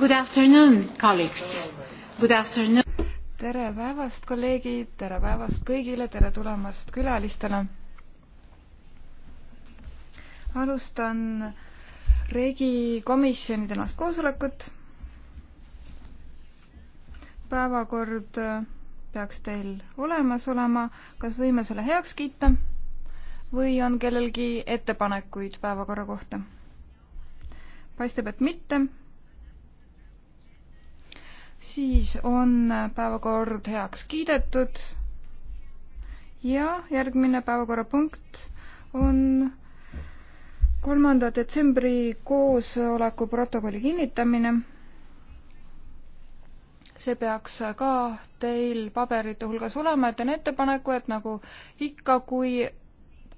Good afternoon, colleagues. Good afternoon. tere päevast, kolleegid, tere päevast kõigile, tere tulemast külalistele. alustan Regi komisjoni tänast koosolekut. päevakord peaks teil olemas olema, kas võime selle heaks kiita või on kellelgi ettepanekuid päevakorra kohta? paistab, et mitte siis on päevakord heaks kiidetud. ja järgmine päevakorrapunkt on kolmanda detsembri koosoleku protokolli kinnitamine. see peaks ka teil paberite hulgas olema, et teen ettepaneku, et nagu ikka, kui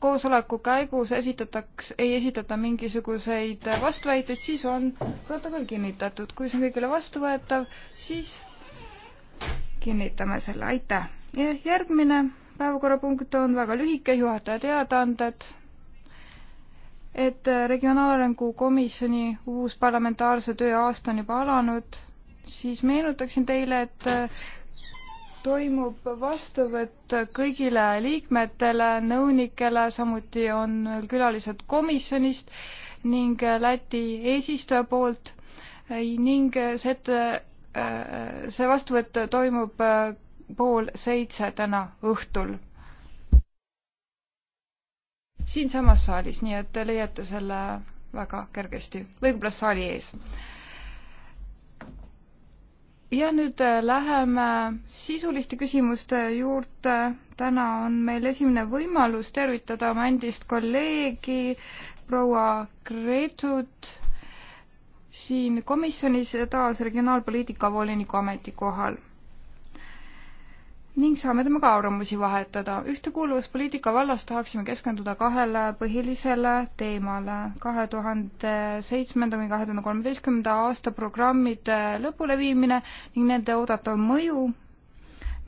koosoleku käigus esitataks, ei esitata mingisuguseid vastuväiteid, siis on protokoll kinnitatud. kui see on kõigile vastuvõetav, siis kinnitame selle, aitäh. järgmine päevakorrapunkt on väga lühike, juhataja teadaanded, et Regionaalarengu Komisjoni uus parlamentaarse töö aasta on juba alanud, siis meenutaksin teile, et toimub vastuvõtt kõigile liikmetele, nõunikele, samuti on külalised komisjonist ning Läti eesistuja poolt ning see ette, äh, see vastuvõtt toimub äh, pool seitse täna õhtul siinsamas saalis, nii et te leiate selle väga kergesti või võib-olla saali ees ja nüüd äh, läheme sisuliste küsimuste juurde. täna on meil esimene võimalus tervitada oma endist kolleegi proua Gretut siin komisjonis taas regionaalpoliitika voliniku ametikohal ning saame temaga arvamusi vahetada. ühtekuuluvuspoliitika vallas tahaksime keskenduda kahele põhilisele teemale. kahe tuhande seitsmenda kuni kahe tuhande kolmeteistkümnenda aasta programmide lõpuleviimine ning nende oodatav mõju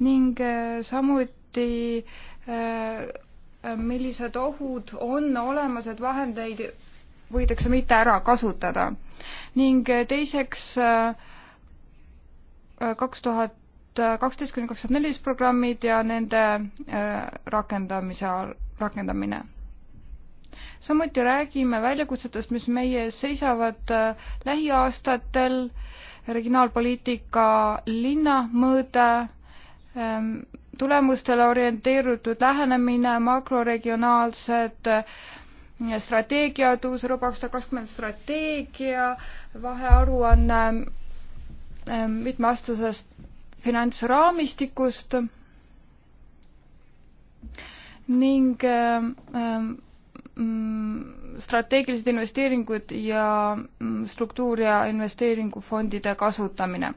ning äh, samuti äh, millised ohud on olemas, et vahendeid võidakse mitte ära kasutada. ning äh, teiseks kaks tuhat tuhat kaksteist kuni kaks tuhat neliteist programmid ja nende äh, rakendamise, rakendamine. samuti räägime väljakutsetest, mis meie ees seisavad äh, lähiaastatel, regionaalpoliitika linnamõõde, ähm, tulemustele orienteerutud lähenemine, makroregionaalsed äh, strateegiad, uus Euroopa kakssada kakskümmend strateegia, vahearuanne ähm, mitmeaastasest finantsraamistikust ning äh, äh, Mm, strateegilised investeeringud ja mm, struktuur- ja investeeringufondide kasutamine.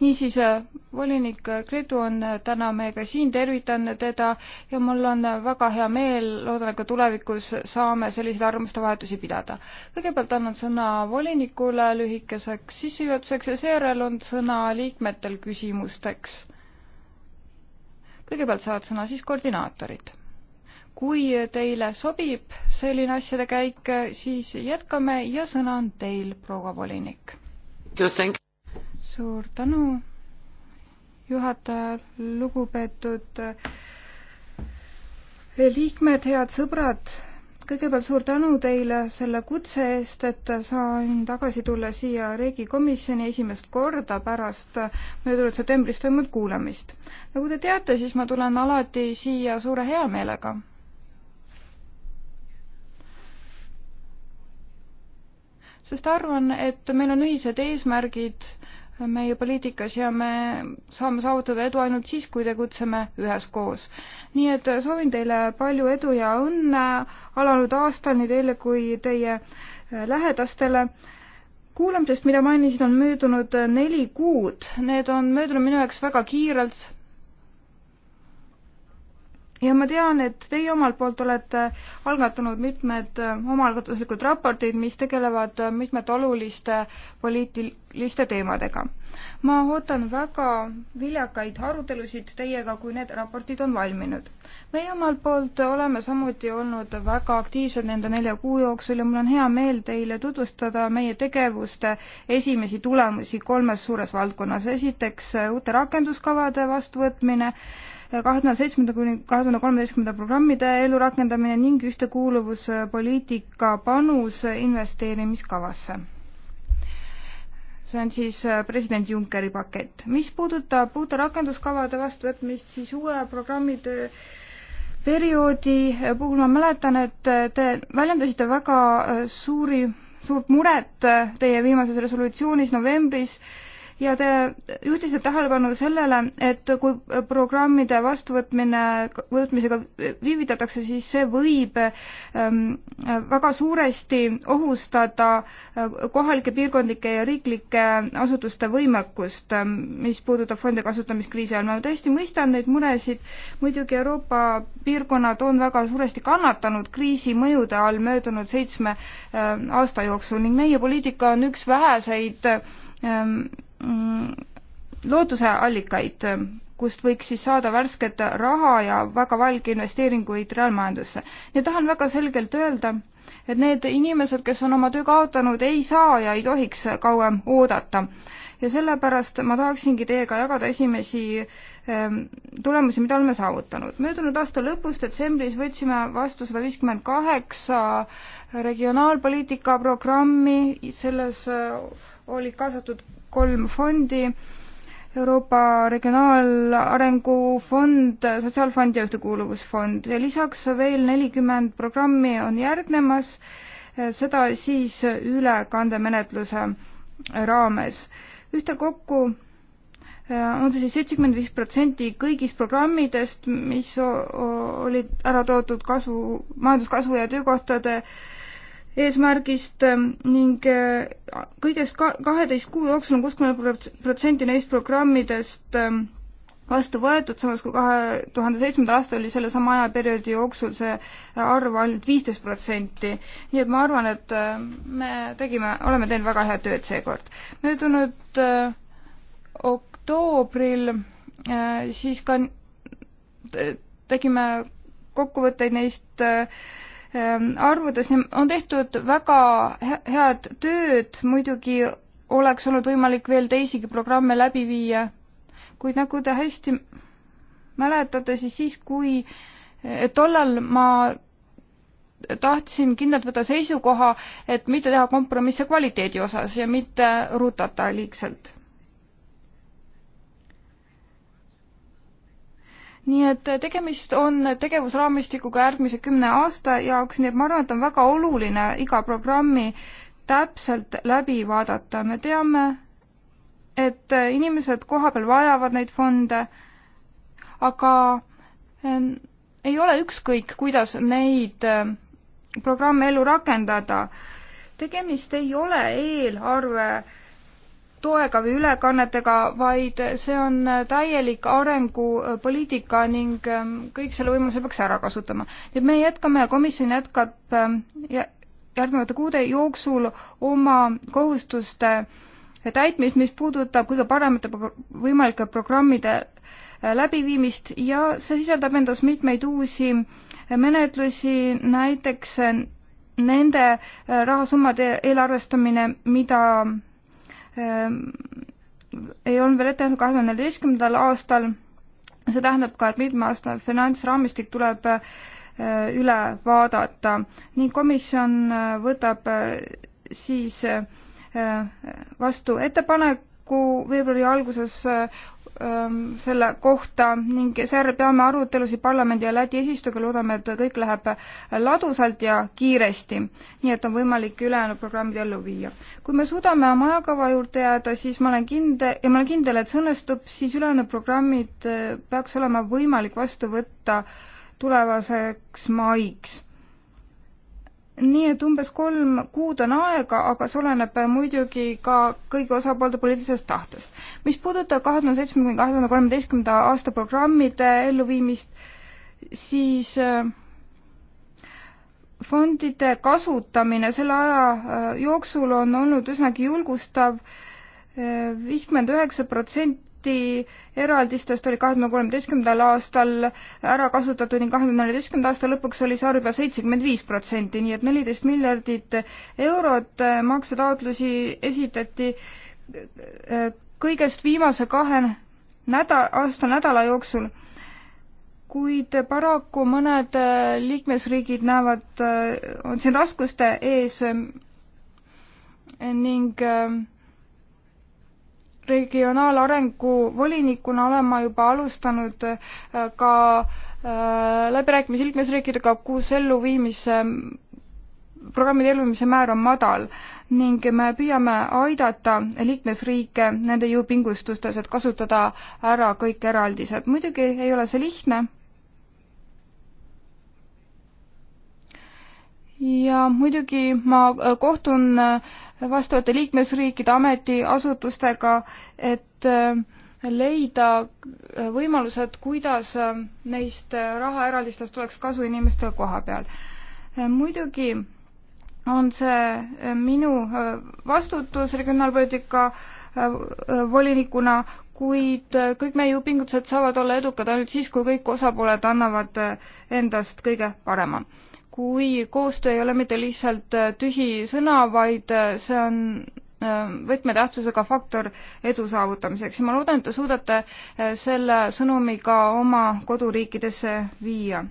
niisiis, äh, volinik Gretu on täna meiega siin, tervitan teda ja mul on väga hea meel, loodan, et ka tulevikus saame selliseid arvamuste vahetusi pidada. kõigepealt annan sõna volinikule lühikeseks sissejuhatuseks ja seejärel on sõna liikmetel küsimusteks. kõigepealt saavad sõna siis koordinaatorid kui teile sobib selline asjade käik, siis jätkame ja sõna on teil, proua volinik. suur tänu, juhataja, lugupeetud eh, liikmed, head sõbrad, kõigepealt suur tänu teile selle kutse eest, et saan tagasi tulla siia Regi komisjoni esimest korda pärast möödunud septembris toimunud kuulamist. nagu te teate, siis ma tulen alati siia suure heameelega sest arvan, et meil on ühised eesmärgid meie poliitikas ja me saame saavutada edu ainult siis, kui tegutseme üheskoos. nii et soovin teile palju edu ja õnne alanud aastal nii teile kui teie lähedastele. kuulamisest, mida mainisin, on möödunud neli kuud, need on möödunud minu jaoks väga kiirelt ja ma tean, et teie omalt poolt olete algatanud mitmed äh, omaalgatuslikud raportid, mis tegelevad äh, mitmete oluliste poliitiliste teemadega. ma ootan väga viljakaid arutelusid teiega, kui need raportid on valminud. meie omalt poolt oleme samuti olnud väga aktiivsed nende nelja kuu jooksul ja mul on hea meel teile tutvustada meie tegevuste esimesi tulemusi kolmes suures valdkonnas. esiteks äh, uute rakenduskavade vastuvõtmine kahe tuhande seitsmenda kuni kahe tuhande kolmeteistkümnenda programmide ellurakendamine ning ühtekuuluvuspoliitika panus investeerimiskavasse. see on siis äh, president Junckeri pakett. mis puudutab uute rakenduskavade vastuvõtmist, siis uue programmi töö perioodi puhul ma mäletan, et äh, te väljendasite väga äh, suuri, suurt muret teie viimases resolutsioonis novembris äh, ja te juhtisite tähelepanu sellele, et kui programmide vastuvõtmine, võtmisega viivitatakse, siis see võib ähm, väga suuresti ohustada äh, kohalike, piirkondlike ja riiklike asutuste võimekust, ähm, mis puudutab fondi kasutamist kriisi ajal. ma täiesti mõistan neid muresid, muidugi Euroopa piirkonnad on väga suuresti kannatanud kriisi mõjude all möödunud seitsme äh, aasta jooksul ning meie poliitika on üks väheseid ähm, Mm, lootuse allikaid, kust võiks siis saada värsket raha ja väga valge investeeringuid reaalmajandusse. ja tahan väga selgelt öelda, et need inimesed, kes on oma töö kaotanud, ei saa ja ei tohiks kauem oodata ja sellepärast ma tahaksingi teiega jagada esimesi ähm, tulemusi, mida oleme saavutanud. möödunud aasta lõpus detsembris võtsime vastu sada viiskümmend kaheksa regionaalpoliitika programmi, selles äh, olid kaasatud kolm fondi Euroopa Regionaalarengu Fond, Sotsiaalfond ja Ühtekuuluvusfond ja lisaks veel nelikümmend programmi on järgnemas, äh, seda siis ülekandemenetluse raames ühtekokku äh, on see siis seitsekümmend viis protsenti kõigist programmidest, mis olid ära toodud kasu, majanduskasvu ja töökohtade eesmärgist äh, ning äh, kõigest kaheteist kuu jooksul on kuuskümmend protsenti neist programmidest vastu võetud, samas kui kahe tuhande seitsmendal aastal oli selle sama ajaperioodi jooksul see arv ainult viisteist protsenti. nii et ma arvan, et äh, me tegime, oleme teinud väga head tööd seekord. möödunud äh, oktoobril äh, siis ka tegime kokkuvõtteid neist arvudes, on tehtud väga head tööd, muidugi oleks olnud võimalik veel teisigi programme läbi viia kuid nagu te hästi mäletate, siis siis, kui eh, tollal ma tahtsin kindlalt võtta seisukoha, et mitte teha kompromisse kvaliteedi osas ja mitte rutata liigselt. nii et tegemist on tegevusraamistikuga järgmise kümne aasta jaoks, nii et ma arvan, et on väga oluline iga programmi täpselt läbi vaadata, me teame, et äh, inimesed kohapeal vajavad neid fonde, aga äh, ei ole ükskõik, kuidas neid äh, programme ellu rakendada. tegemist ei ole eelarve toega või ülekannetega, vaid see on täielik arengupoliitika ning ähm, kõik selle võimaluse peaks ära kasutama. nüüd me jätkame ja komisjon jätkab ähm, järgnevate kuude jooksul oma kohustuste täitmist, mis puudutab kõige paremate võimalike programmide äh, läbiviimist ja see sisaldab endas mitmeid uusi äh, menetlusi, näiteks äh, nende rahasummade eelarvestamine, mida ähm, ei olnud veel ette nähtud kahe tuhande neljateistkümnendal aastal. see tähendab ka, et mitmeaastane finantsraamistik tuleb üle vaadata ning komisjon võtab siis Äh, vastu ettepaneku veebruari alguses ähm, selle kohta ning seejärel peame arutelusid parlamendi ja Läti eesistujaga, loodame, et kõik läheb ladusalt ja kiiresti, nii et on võimalik ülejäänud programmid ellu viia. kui me suudame oma ajakava juurde jääda, siis ma olen kindel, ja ma olen kindel, et see õnnestub, siis ülejäänud programmid äh, peaks olema võimalik vastu võtta tulevaseks maiks nii et umbes kolm kuud on aega, aga see oleneb muidugi ka kõigi osapoolte poliitilisest tahtest. mis puudutab kahe tuhande seitsme kuni kahe tuhande kolmeteistkümnenda aasta programmide elluviimist, siis äh, fondide kasutamine selle aja äh, jooksul on olnud üsnagi julgustav, äh, viiskümmend üheksa protsenti Läti eraldistest oli kahe tuhande kolmeteistkümnendal aastal ära kasutatud ning kahekümne neljateistkümnenda aasta lõpuks oli see arv juba seitsekümmend viis protsenti, nii et neliteist miljardit eurot maksetaotlusi esitati äh, kõigest viimase kahe näda-, aasta nädala jooksul. kuid paraku mõned äh, liikmesriigid näevad, äh, on siin raskuste ees ning äh, regionaalarengu volinikuna olen ma juba alustanud äh, ka äh, läbirääkimisi liikmesriikidega, kus elluviimise, programmide elluviimise määr on madal ning me püüame aidata liikmesriike nende jõupingustustes, et kasutada ära kõik eraldised. muidugi ei ole see lihtne. ja muidugi ma kohtun äh, vastavate liikmesriikide ametiasutustega, et äh, leida äh, võimalused, kuidas äh, neist rahaeraldistest tuleks kasu inimestele koha peal. muidugi on see minu vastutus regionaalpoliitika volinikuna, kuid kõik meie pingutused saavad olla edukad ainult siis, kui kõik osapooled annavad endast kõige parema kui koostöö ei ole mitte lihtsalt äh, tühi sõna, vaid äh, see on äh, võtmetähtsusega faktor edu saavutamiseks ja ma loodan, et te suudate selle sõnumi ka oma koduriikidesse viia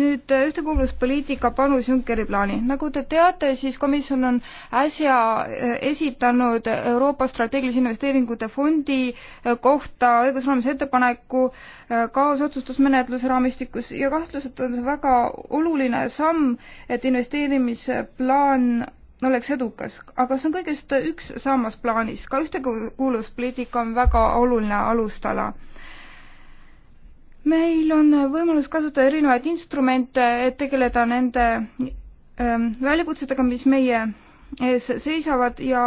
nüüd äh, ühtekuuluvuspoliitika panus Junckeri plaani. nagu te teate, siis komisjon on äsja äh, esitanud Euroopa strateegilise investeeringute fondi äh, kohta õigusraamise ettepaneku kaasotsustusmenetluse raamistikus ja kahtluseta on see väga oluline samm, et investeerimisplaan oleks edukas, aga see on kõigest üks sammas plaanis, ka ühtekuuluvuspoliitika on väga oluline alustala meil on võimalus kasutada erinevaid instrumente, et tegeleda nende ähm, väljakutsetega, mis meie ees seisavad ja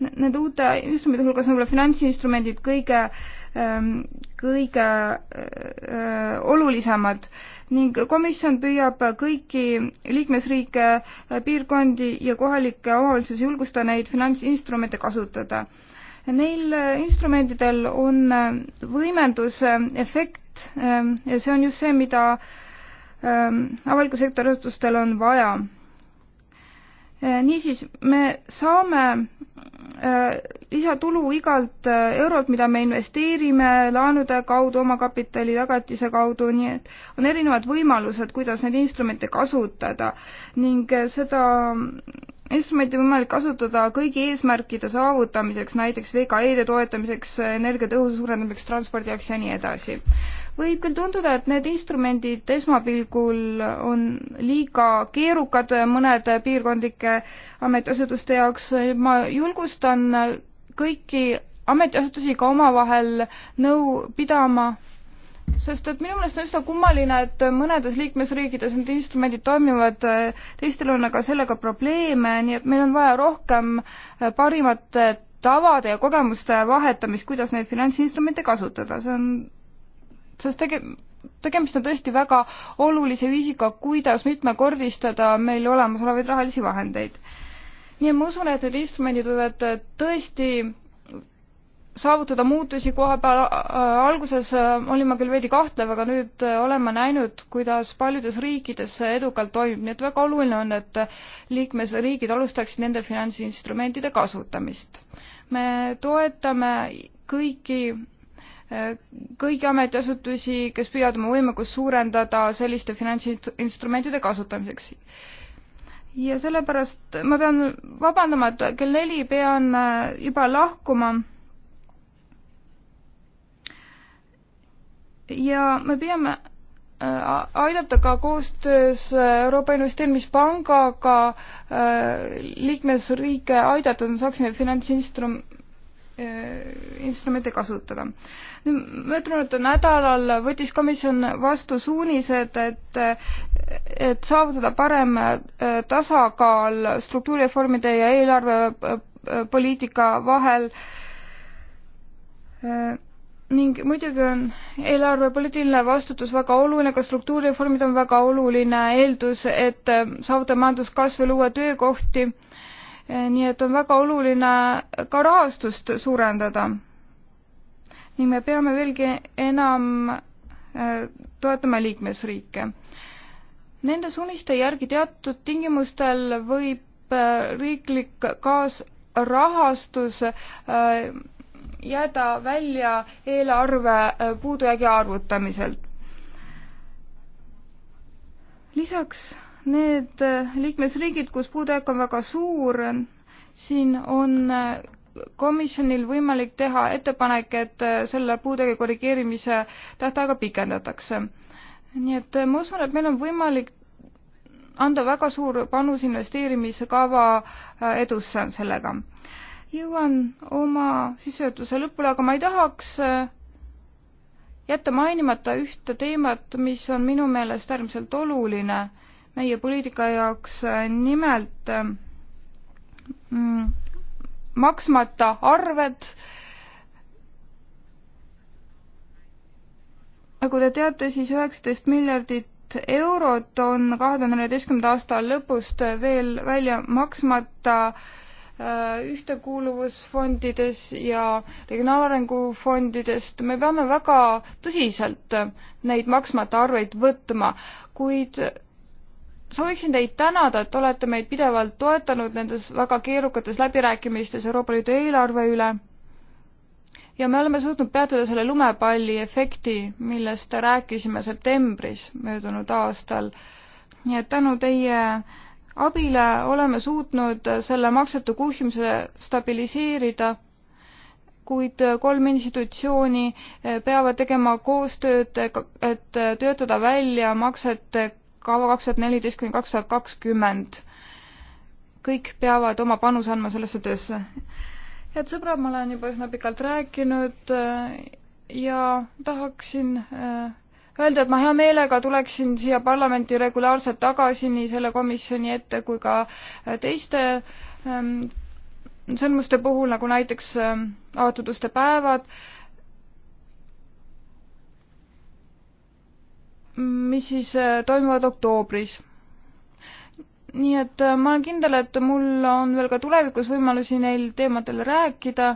nende uute instrumentide hulgas on võib-olla finantsinstrumendid kõige, ähm, kõige äh, olulisemad ning komisjon püüab kõiki liikmesriike, äh, piirkondi ja kohalikke omavalitsusi julgustada neid finantsinstrumente kasutada Neil äh, instrumentidel on äh, võimendusefekt ähm, ja see on just see, mida ähm, avaliku sektori asutustel on vaja. Äh, niisiis, me saame lisatulu igalt eurolt, mida me investeerime laenude kaudu, omakapitali tagatise kaudu, nii et on erinevad võimalused, kuidas neid instrumente kasutada ning seda instrumenti on võimalik kasutada kõigi eesmärkide saavutamiseks, näiteks VKE-de toetamiseks, energiatõhususe suurendamiseks, transpordi jaoks ja nii edasi. võib küll tunduda, et need instrumendid esmapilgul on liiga keerukad mõnede piirkondlike ametiasutuste jaoks, ma julgustan kõiki ametiasutusi ka omavahel nõu pidama sest et minu meelest on üsna kummaline, et mõnedes liikmesriikides need instrumendid toimivad, teistel on aga sellega probleeme, nii et meil on vaja rohkem eh, parimate tavade ja kogemuste vahetamist, kuidas neid finantsinstrumente kasutada, see on, sest tege-, tegemist on tõesti väga olulise viisiga, kuidas mitmekordistada meil olemasolevaid rahalisi vahendeid. nii et ma usun, et need instrumendid võivad tõesti saavutada muutusi koha peal, äh, alguses äh, olin ma küll veidi kahtlev, aga nüüd äh, olen ma näinud, kuidas paljudes riikides see edukalt toimib, nii et väga oluline on, et liikmesriigid alustaksid nende finantsinstrumentide kasutamist. me toetame kõiki kõiki ametiasutusi, kes püüavad oma võimekust suurendada selliste finantsinstrumentide kasutamiseks ja sellepärast ma pean vabandama, et kell neli pean juba lahkuma. ja me peame äh, aidata ka koostöös äh, Euroopa Investeerimispangaga äh, liikmesriike aidata, et nad saaks neid finantsinstrum-, instrumente kasutada. möödunud nädalal võttis komisjon vastu suunised, et et saavutada parem tasakaal struktuurireformide ja eelarvepoliitika vahel ning muidugi on eelarvepoliitiline vastutus väga oluline, ka struktuurireformid on väga oluline eeldus, et äh, saavutada majanduskasv ja luua töökohti. Äh, nii et on väga oluline ka rahastust suurendada. ning me peame veelgi enam äh, toetama liikmesriike. Nende suuniste järgi teatud tingimustel võib riiklik kaasrahastus jääda välja eelarve äh, puudujäägi arvutamiselt. lisaks need äh, liikmesriigid, kus puudujääk on väga suur, siin on äh, komisjonil võimalik teha ettepanek, et selle puudujäägi korrigeerimise tähtaega pikendatakse. nii et ma usun, et meil on võimalik anda väga suur panus investeerimiskava edusse sellega jõuan oma sissejuhatuse lõpule, aga ma ei tahaks äh, jätta mainimata ühte teemat, mis on minu meelest äärmiselt oluline meie poliitika jaoks, äh, nimelt äh, mm, maksmata arved. nagu te teate, siis üheksateist miljardit eurot on kahe tuhande neljateistkümnenda aasta lõpust veel välja maksmata äh, Äh, ühtekuuluvusfondides ja regionaalarengu fondidest, me peame väga tõsiselt neid maksmata arveid võtma, kuid sooviksin teid tänada, et olete meid pidevalt toetanud nendes väga keerukates läbirääkimistes Euroopa Liidu eelarve üle. ja me oleme suutnud peatada selle lumepalli efekti, millest rääkisime septembris möödunud aastal. nii et tänu teie äh, abile oleme suutnud selle maksete kuhjumise stabiliseerida, kuid kolm institutsiooni peavad tegema koostööd, et töötada välja maksete kava kaks tuhat neliteist kuni kaks tuhat kakskümmend. kõik peavad oma panuse andma sellesse töösse. head sõbrad, ma olen juba üsna pikalt rääkinud ja tahaksin öelda, et ma hea meelega tuleksin siia parlamenti regulaarselt tagasi nii selle komisjoni ette kui ka äh, teiste ähm, sündmuste puhul, nagu näiteks ähm, avatud uste päevad, mis siis äh, toimuvad oktoobris. nii et äh, ma olen kindel, et mul on veel ka tulevikus võimalusi neil teemadel rääkida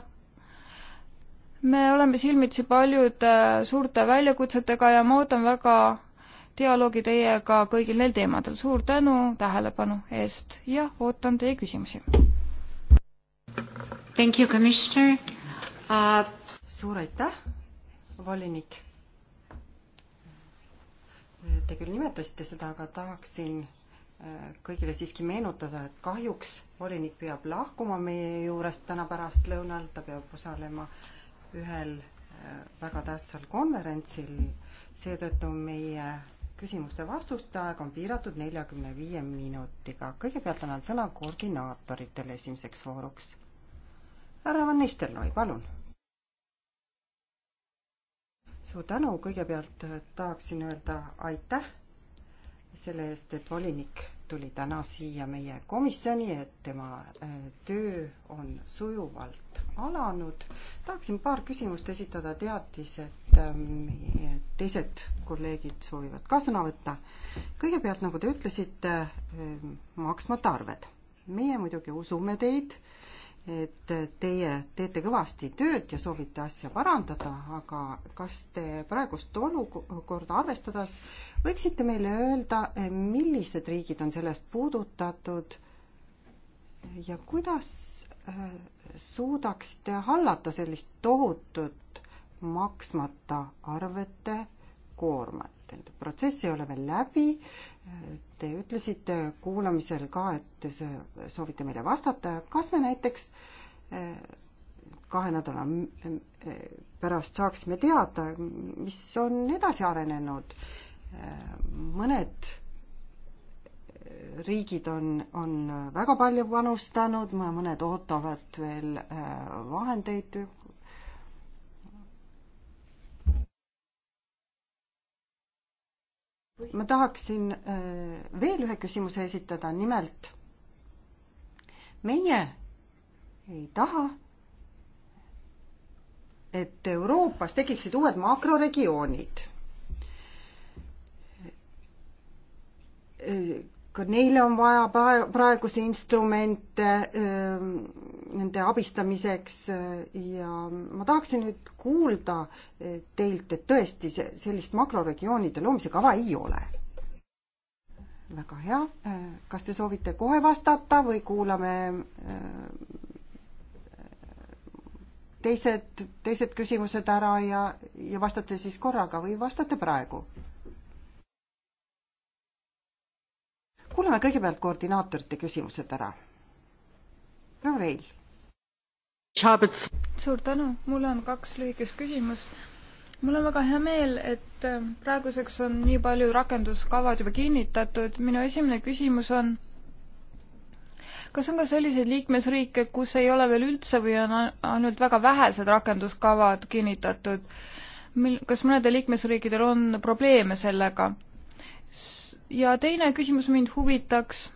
me oleme silmitsi paljude äh, suurte väljakutsetega ja ma ootan väga dialoogi teiega kõigil neil teemadel. suur tänu tähelepanu eest ja ootan teie küsimusi. Thank you, commissioner uh.... suur aitäh, volinik. Te küll nimetasite seda, aga tahaksin äh, kõigile siiski meenutada, et kahjuks volinik peab lahkuma meie juurest täna pärastlõunal, ta peab osalema äh, ühel äh, väga tähtsal konverentsil, seetõttu meie küsimuste-vastuste aeg on piiratud neljakümne viie minutiga. kõigepealt annan sõna koordinaatoritele esimeseks vooruks. härra Van Nistelrooy, palun. suur tänu, kõigepealt äh, tahaksin öelda aitäh selle eest, et volinik tuli täna siia meie komisjoni, et tema äh, töö on sujuvalt alanud. tahaksin paar küsimust esitada, teatis, et ähm, meie teised kolleegid soovivad ka sõna võtta. kõigepealt, nagu te ütlesite, ähm, maksmata arved. meie muidugi usume teid äh, et teie teete kõvasti tööd ja soovite asja parandada, aga kas te praegust olukorda arvestades võiksite meile öelda, millised riigid on sellest puudutatud ja kuidas äh, suudaksite hallata sellist tohutut maksmata arvete koormat? protsess ei ole veel läbi Te ütlesite kuulamisel ka, et te soovite meile vastata, kas me näiteks eh, kahe nädala eh, pärast saaksime teada, mis on edasi arenenud. Eh, mõned riigid on, on väga palju panustanud, mõned ootavad veel vahendeid, ma tahaksin äh, veel ühe küsimuse esitada, nimelt meie ei taha, et Euroopas tekiksid uued makroregioonid. Äh, ka neile on vaja praegusi instrumente ähm, nende abistamiseks äh, ja ma tahaksin nüüd kuulda äh, teilt, et tõesti see, sellist makroregioonide loomise kava ei ole. väga hea, äh, kas te soovite kohe vastata või kuulame teised, teised küsimused ära ja, ja vastate siis korraga või vastate praegu? kuulame kõigepealt koordinaatorite küsimused ära. proua Reil suur tänu, mul on kaks lühikest küsimust. mul on väga hea meel, et ähm, praeguseks on nii palju rakenduskavad juba kinnitatud. minu esimene küsimus on, kas on ka selliseid liikmesriike, kus ei ole veel üldse või on ainult väga vähesed rakenduskavad kinnitatud? mil, kas mõnedel liikmesriikidel on probleeme sellega? ja teine küsimus mind huvitaks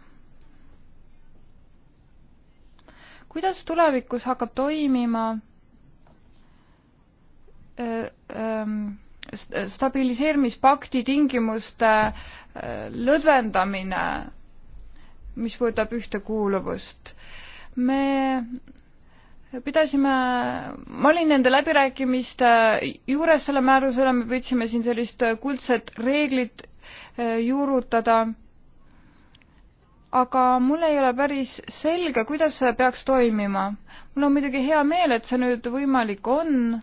kuidas tulevikus hakkab toimima äh, ähm, stabiliseerimispakti tingimuste äh, lõdvendamine, mis puudutab ühtekuuluvust. me pidasime, ma olin nende läbirääkimiste juures selle määruse üle, me püüdsime siin sellist kuldset reeglit äh, juurutada aga mul ei ole päris selge, kuidas see peaks toimima. mul on muidugi hea meel, et see nüüd võimalik on.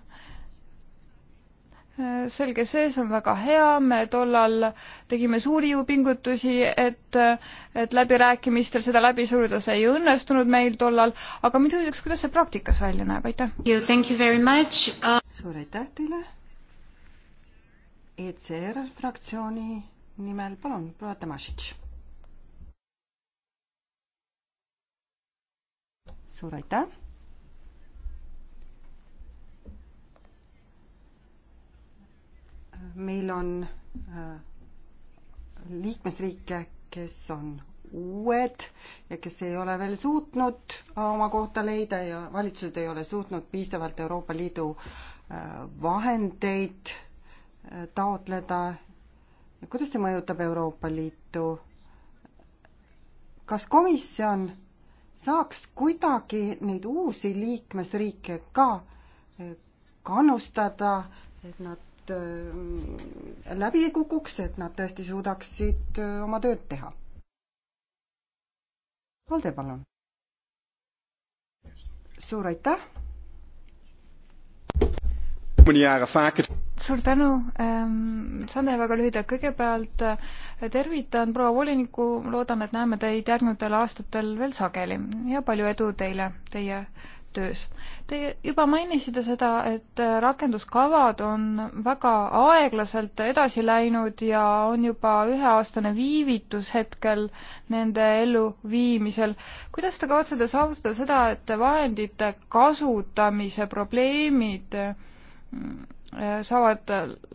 selge see, see on väga hea, me tollal tegime suuri jõupingutusi, et, et läbirääkimistel seda läbi suruda, see ei õnnestunud meil tollal, aga mind huvitaks, kuidas see praktikas välja näeb, aitäh! Uh... suur aitäh teile! ECR fraktsiooni nimel, palun, proua Tomašitš suur aitäh. meil on äh, liikmesriike, kes on uued ja kes ei ole veel suutnud äh, oma kohta leida ja valitsused ei ole suutnud piisavalt Euroopa Liidu äh, vahendeid taotleda. kuidas see mõjutab Euroopa Liitu? kas komisjon saaks kuidagi neid uusi liikmesriike ka eh, kannustada, et nad eh, läbi ei kukuks, et nad tõesti suudaksid eh, oma tööd teha. Valde, palun. suur aitäh suur tänu ähm,, saan teha väga lühidalt, kõigepealt äh, tervitan proua volinikku, loodan, et näeme teid järgnevatel aastatel veel sageli ja palju edu teile, teie töös. Te juba mainisite seda, et äh, rakenduskavad on väga aeglaselt edasi läinud ja on juba üheaastane viivitus hetkel nende elluviimisel. kuidas te kavatsete saavutada seda, et vahendite kasutamise probleemid saavad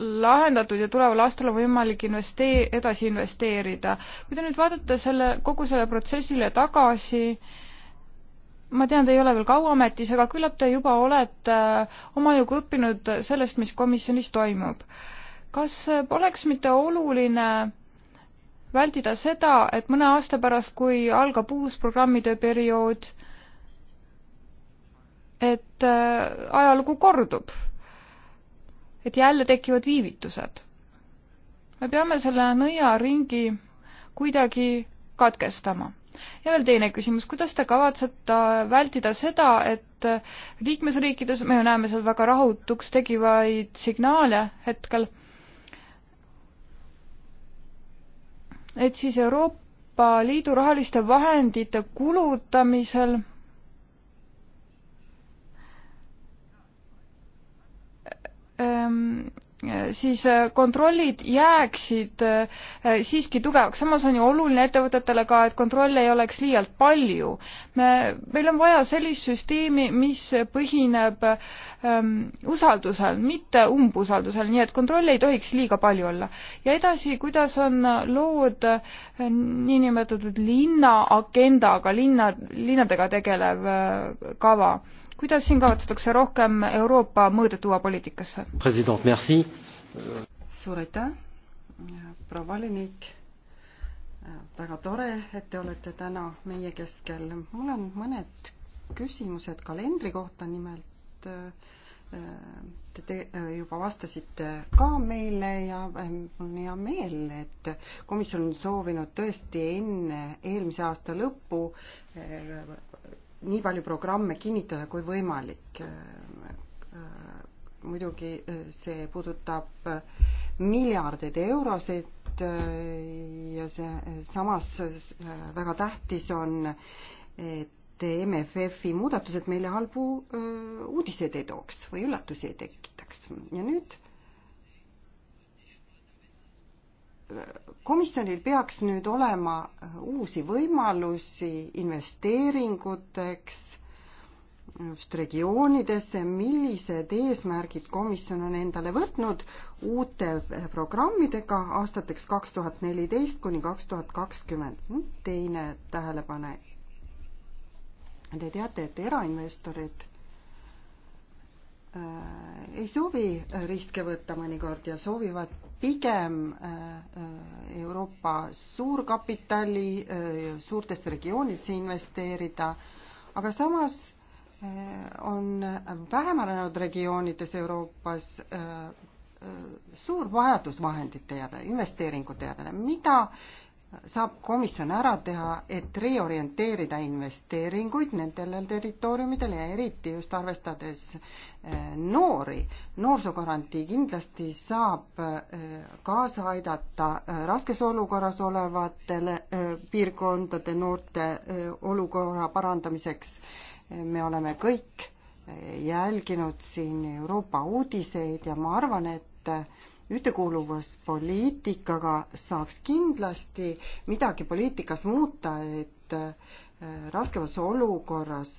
lahendatud ja tuleval aastal on võimalik investee-, edasi investeerida. kui te nüüd vaatate selle, kogu selle protsessile tagasi, ma tean, te ei ole veel kaua ametis, aga küllap te juba olete äh, omajagu õppinud sellest, mis komisjonis toimub. kas äh, poleks mitte oluline vältida seda, et mõne aasta pärast, kui algab uus programmide periood, et äh, ajalugu kordub et jälle tekivad viivitused. me peame selle nõiaringi kuidagi katkestama. ja veel teine küsimus, kuidas te kavatsete vältida seda, et liikmesriikides, me ju näeme seal väga rahutuks tegivaid signaale hetkel, et siis Euroopa Liidu rahaliste vahendite kulutamisel Ehm, siis äh, kontrollid jääksid äh, siiski tugevaks. samas on ju oluline ettevõtetele ka, et kontrolle ei oleks liialt palju. me, meil on vaja sellist süsteemi, mis põhineb ähm, usaldusel, mitte umbusaldusel, nii et kontrolle ei tohiks liiga palju olla. ja edasi, kuidas on lood äh, niinimetatud linna agendaga, linna, linnadega tegelev äh, kava kuidas siin kavatsetakse rohkem Euroopa mõõde tuua poliitikasse? suur aitäh, proua volinik väga tore, et te olete täna meie keskel. mul on mõned küsimused kalendri kohta, nimelt te, te juba vastasite ka meile ja eh, mul on hea meel, et komisjon on soovinud tõesti enne eelmise aasta lõppu eh, nii palju programme kinnitada kui võimalik. muidugi see puudutab miljardeid eurosid ja see samas väga tähtis on, et MFF-i muudatused meile halbu äh, uudiseid ei tooks või üllatusi ei tekitaks ja nüüd komisjonil peaks nüüd olema uusi võimalusi investeeringuteks just regioonidesse, millised eesmärgid komisjon on endale võtnud uute programmidega aastateks kaks tuhat neliteist kuni kaks tuhat kakskümmend. teine tähelepanek. Te teate, et erainvestorid Äh, ei soovi äh, riske võtta mõnikord ja soovivad pigem äh, Euroopa suurkapitali suurtesse regioonidesse investeerida, aga samas on vähem arenenud regioonides Euroopas suur vajadus vahendite järele, investeeringute järele, mida saab komisjon ära teha, et reorienteerida investeeringuid nendele territooriumidele ja eriti just arvestades eh, noori. noorsoogarantii kindlasti saab eh, kaasa aidata eh, raskes olukorras olevatele piirkondade noorte olukorra parandamiseks. me oleme kõik jälginud siin Euroopa uudiseid ja ma arvan, et ühtekuuluvuspoliitikaga saaks kindlasti midagi poliitikas muuta, et äh, raskemas olukorras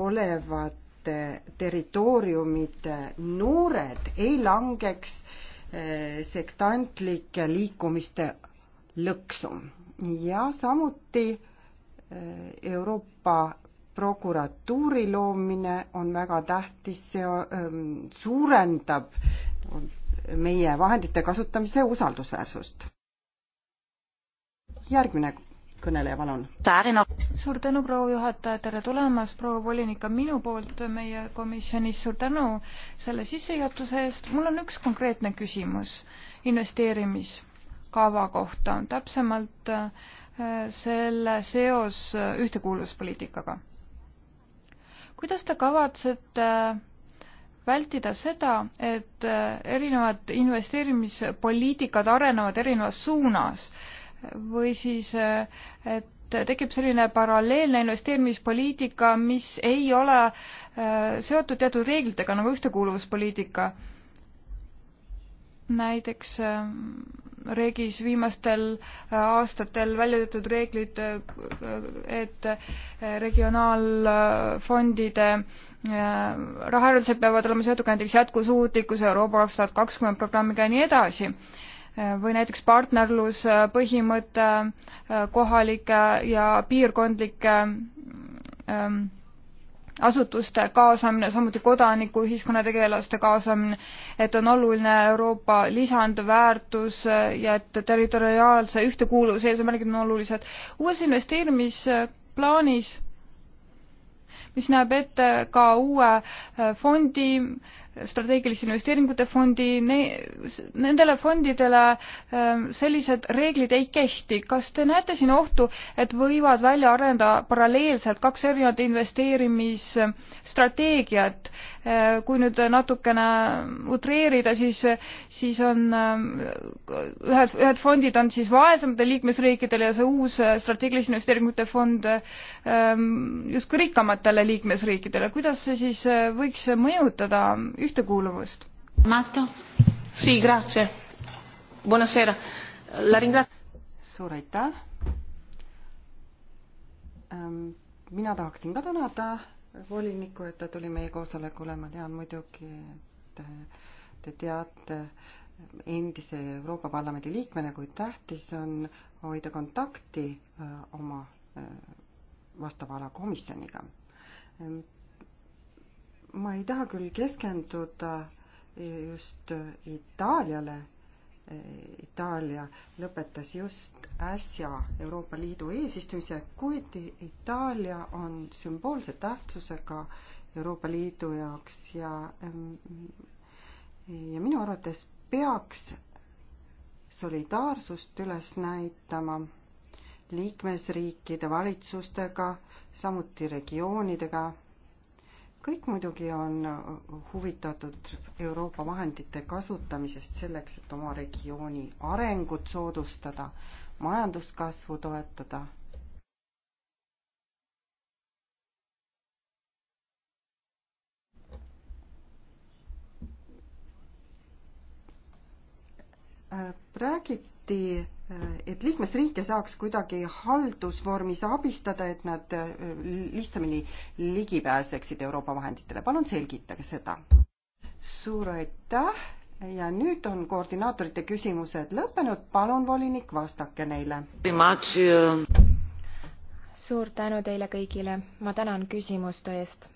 olevate territooriumide noored ei langeks äh, sektantlike liikumiste lõksu ja samuti äh, Euroopa prokuratuuri loomine on väga tähtis, see ähm, suurendab meie vahendite kasutamise usaldusväärsust. järgmine kõneleja, palun. suur tänu, proua juhataja, tere tulemast, proua volinik, ka minu poolt meie komisjonis suur tänu selle sissejuhatuse eest. mul on üks konkreetne küsimus investeerimiskava kohta, täpsemalt äh, selle seos ühtekuuluvuspoliitikaga. kuidas te kavatsete vältida seda, et äh, erinevad investeerimispoliitikad arenevad erinevas suunas või siis, äh, et tekib selline paralleelne investeerimispoliitika, mis ei ole äh, seotud teatud reeglitega nagu ühtekuuluvuspoliitika. näiteks Regis viimastel aastatel välja töötatud reeglid, et regionaalfondide rahaeraldused peavad olema seotud ka näiteks jätkusuutlikkuse Euroopa kaks tuhat kakskümmend programmiga ja nii edasi. või näiteks partnerluspõhimõte äh, äh, kohalike ja piirkondlike ähm, asutuste kaasamine, samuti kodanikuühiskonna tegelaste kaasamine, et on oluline Euroopa lisandväärtus äh, ja et territoriaalse ühtekuuluvuse eesmärgid on olulised. uues investeerimisplaanis mis näeb ette ka uue äh, fondi, strateegilise investeeringute fondi ne,, nendele fondidele ähm, sellised reeglid ei kehti. kas te näete siin ohtu, et võivad välja arendada paralleelselt kaks erinevat investeerimisstrateegiat, Äh, kui nüüd natukene utreerida, siis, siis on äh, ühed, ühed fondid on siis vaesematel liikmesriikidel ja see uus äh, strateegilise investeeringute fond ähm, justkui rikkamatele liikmesriikidele. kuidas see siis võiks mõjutada ühtekuuluvust? Sì, grazie. Buonasera. La ringrazio. Suur aitäh. Ähm, mina tahaksin ka tänada volinikku, et ta tuli meie koosolekule, ma tean muidugi, et te teate endise Euroopa Parlamendi liikmena, kui tähtis on hoida kontakti äh, oma äh, vastava ala komisjoniga. ma ei taha küll keskenduda just Itaaliale Itaalia lõpetas just äsja Euroopa Liidu eesistumise, kuid Itaalia on sümboolse tähtsusega Euroopa Liidu jaoks ja mm, ja minu arvates peaks solidaarsust üles näitama liikmesriikide valitsustega, samuti regioonidega kõik muidugi on huvitatud Euroopa vahendite kasutamisest selleks, et oma regiooni arengut soodustada, majanduskasvu toetada. Äh, räägiti Äh, et liikmesriike saaks kuidagi haldusvormis abistada, et nad äh, lihtsamini ligi pääseksid Euroopa vahenditele. palun selgitage seda. suur aitäh ja nüüd on koordinaatorite küsimused lõppenud. palun, volinik, vastake neile. Äh, suur tänu teile kõigile. ma tänan küsimuste eest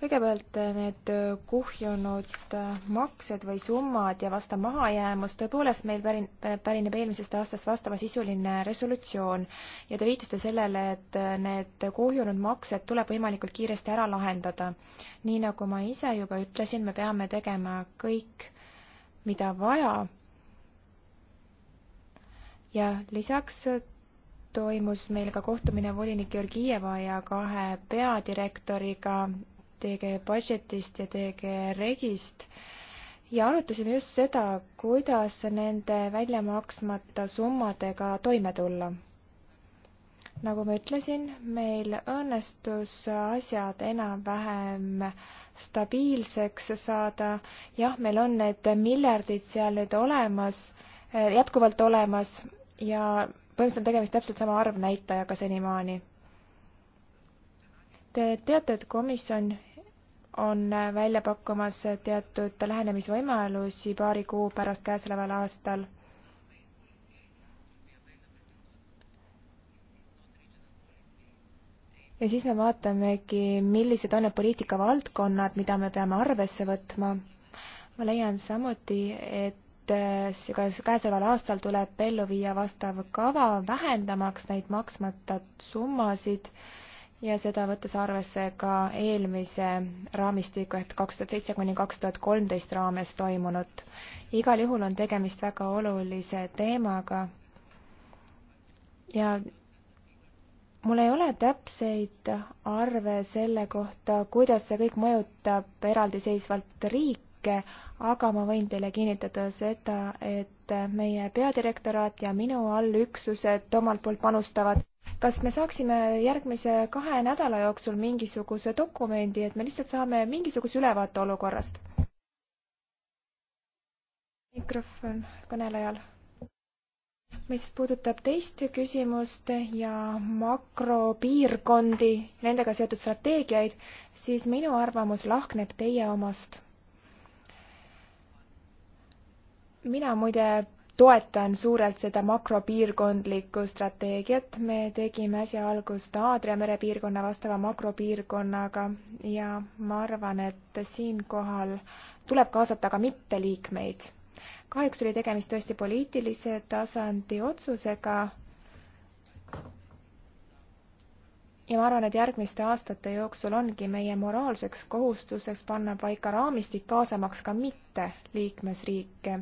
kõigepealt äh, need äh, kuhjunud äh, maksed või summad ja vastav mahajäämus, tõepoolest meil pärin-, pärineb eelmisest aastast vastavasisuline resolutsioon ja te viitasite sellele, et need kuhjunud maksed tuleb võimalikult kiiresti ära lahendada. nii nagu ma ise juba ütlesin, me peame tegema kõik, mida vaja. ja lisaks toimus meil ka kohtumine volinik Georgieva ja kahe peadirektoriga DG Budgetist ja DG Regist ja arutasime just seda, kuidas nende väljamaksmata summadega toime tulla. nagu ma ütlesin, meil õnnestus asjad enam-vähem stabiilseks saada. jah, meil on need miljardid seal nüüd olemas, eh, jätkuvalt olemas ja põhimõtteliselt on tegemist täpselt sama arvnäitajaga senimaani Te teate, et komisjon on välja pakkumas teatud lähenemisvõimalusi paari kuu pärast käesoleval aastal. ja siis me vaatamegi, millised on need poliitikavaldkonnad, mida me peame arvesse võtma. ma leian samuti, et käesoleval aastal tuleb ellu viia vastav kava, vähendamaks neid maksmata summasid äh, ja seda võttes arvesse ka eelmise raamistiku ehk kaks tuhat seitse kuni kaks tuhat kolmteist raames toimunut. igal juhul on tegemist väga olulise teemaga ja mul ei ole täpseid arve selle kohta, kuidas see kõik mõjutab eraldiseisvalt riike, aga ma võin teile kinnitada seda, et et meie peadirektoraat ja minu allüksused omalt poolt panustavad. kas me saaksime järgmise kahe nädala jooksul mingisuguse dokumendi, et me lihtsalt saame mingisuguse ülevaate olukorrast? mikrofon kõnelejal. mis puudutab teist küsimust ja makropiirkondi, nendega seotud strateegiaid, siis minu arvamus lahkneb teie omast mina muide toetan suurelt seda makropiirkondlikku strateegiat. me tegime äsja algust Aadria mere piirkonna vastava makropiirkonnaga ja ma arvan, et siinkohal tuleb kaasata ka mitteliikmeid. kahjuks oli tegemist tõesti poliitilise tasandi otsusega ja ma arvan, et järgmiste aastate jooksul ongi meie moraalseks kohustuseks panna paika raamistik kaasamaks ka mitte liikmesriike.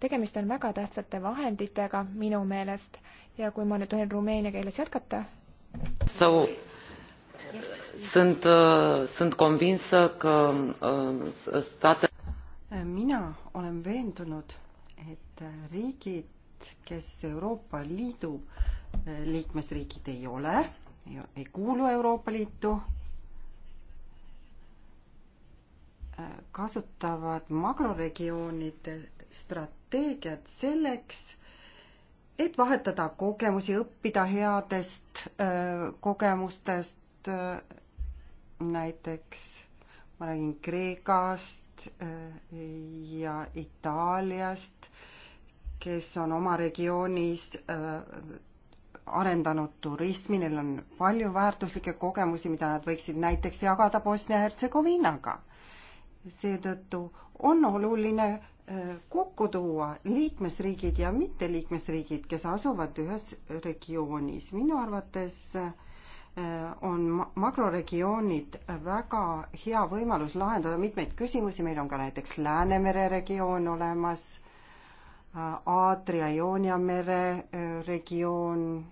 tegemist on väga tähtsate vahenditega minu meelest ja kui ma nüüd tohin rumeenia keeles jätkata. So sunt, äh, sunt convinsă că äh, äh, state... Mina olen veendunud, et riigid, kes Euroopa Liidu liikmesriigid ei ole, ei kuulu Euroopa Liitu, äh, kasutavad makroregioonide strateegiat selleks, et vahetada kogemusi, õppida headest öö, äh, kogemustest, äh, näiteks ma räägin Kreekast öö, ja Itaaliast, kes on oma regioonis öö, arendanud turismi, neil on palju väärtuslikke kogemusi, mida nad võiksid näiteks jagada Bosnia-Hertsegoviinaga. seetõttu on oluline äh, kokku tuua liikmesriigid ja mitteliikmesriigid, kes asuvad ühes regioonis. minu arvates äh, on makroregioonid väga hea võimalus lahendada mitmeid küsimusi, meil on ka näiteks Läänemere regioon olemas äh, Aadria-Joonia mere regioon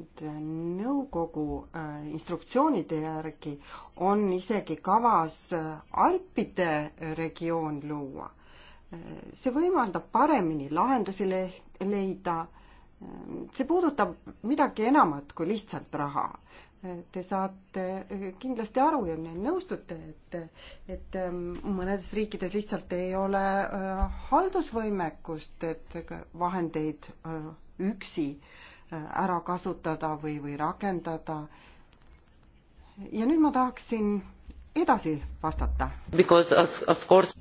et nõukogu äh, instruktsioonide järgi on isegi kavas äh, Alpide regioon luua. Äh, see võimaldab paremini lahendusi le leida. see puudutab midagi enamat kui lihtsalt raha. Te saate kindlasti aru ja nõustute, et, et ähm, mõnedes riikides lihtsalt ei ole haldusvõimekust, et vahendeid üksi äh, ära kasutada või, või rakendada. ja nüüd ma tahaksin edasi vastata. Course...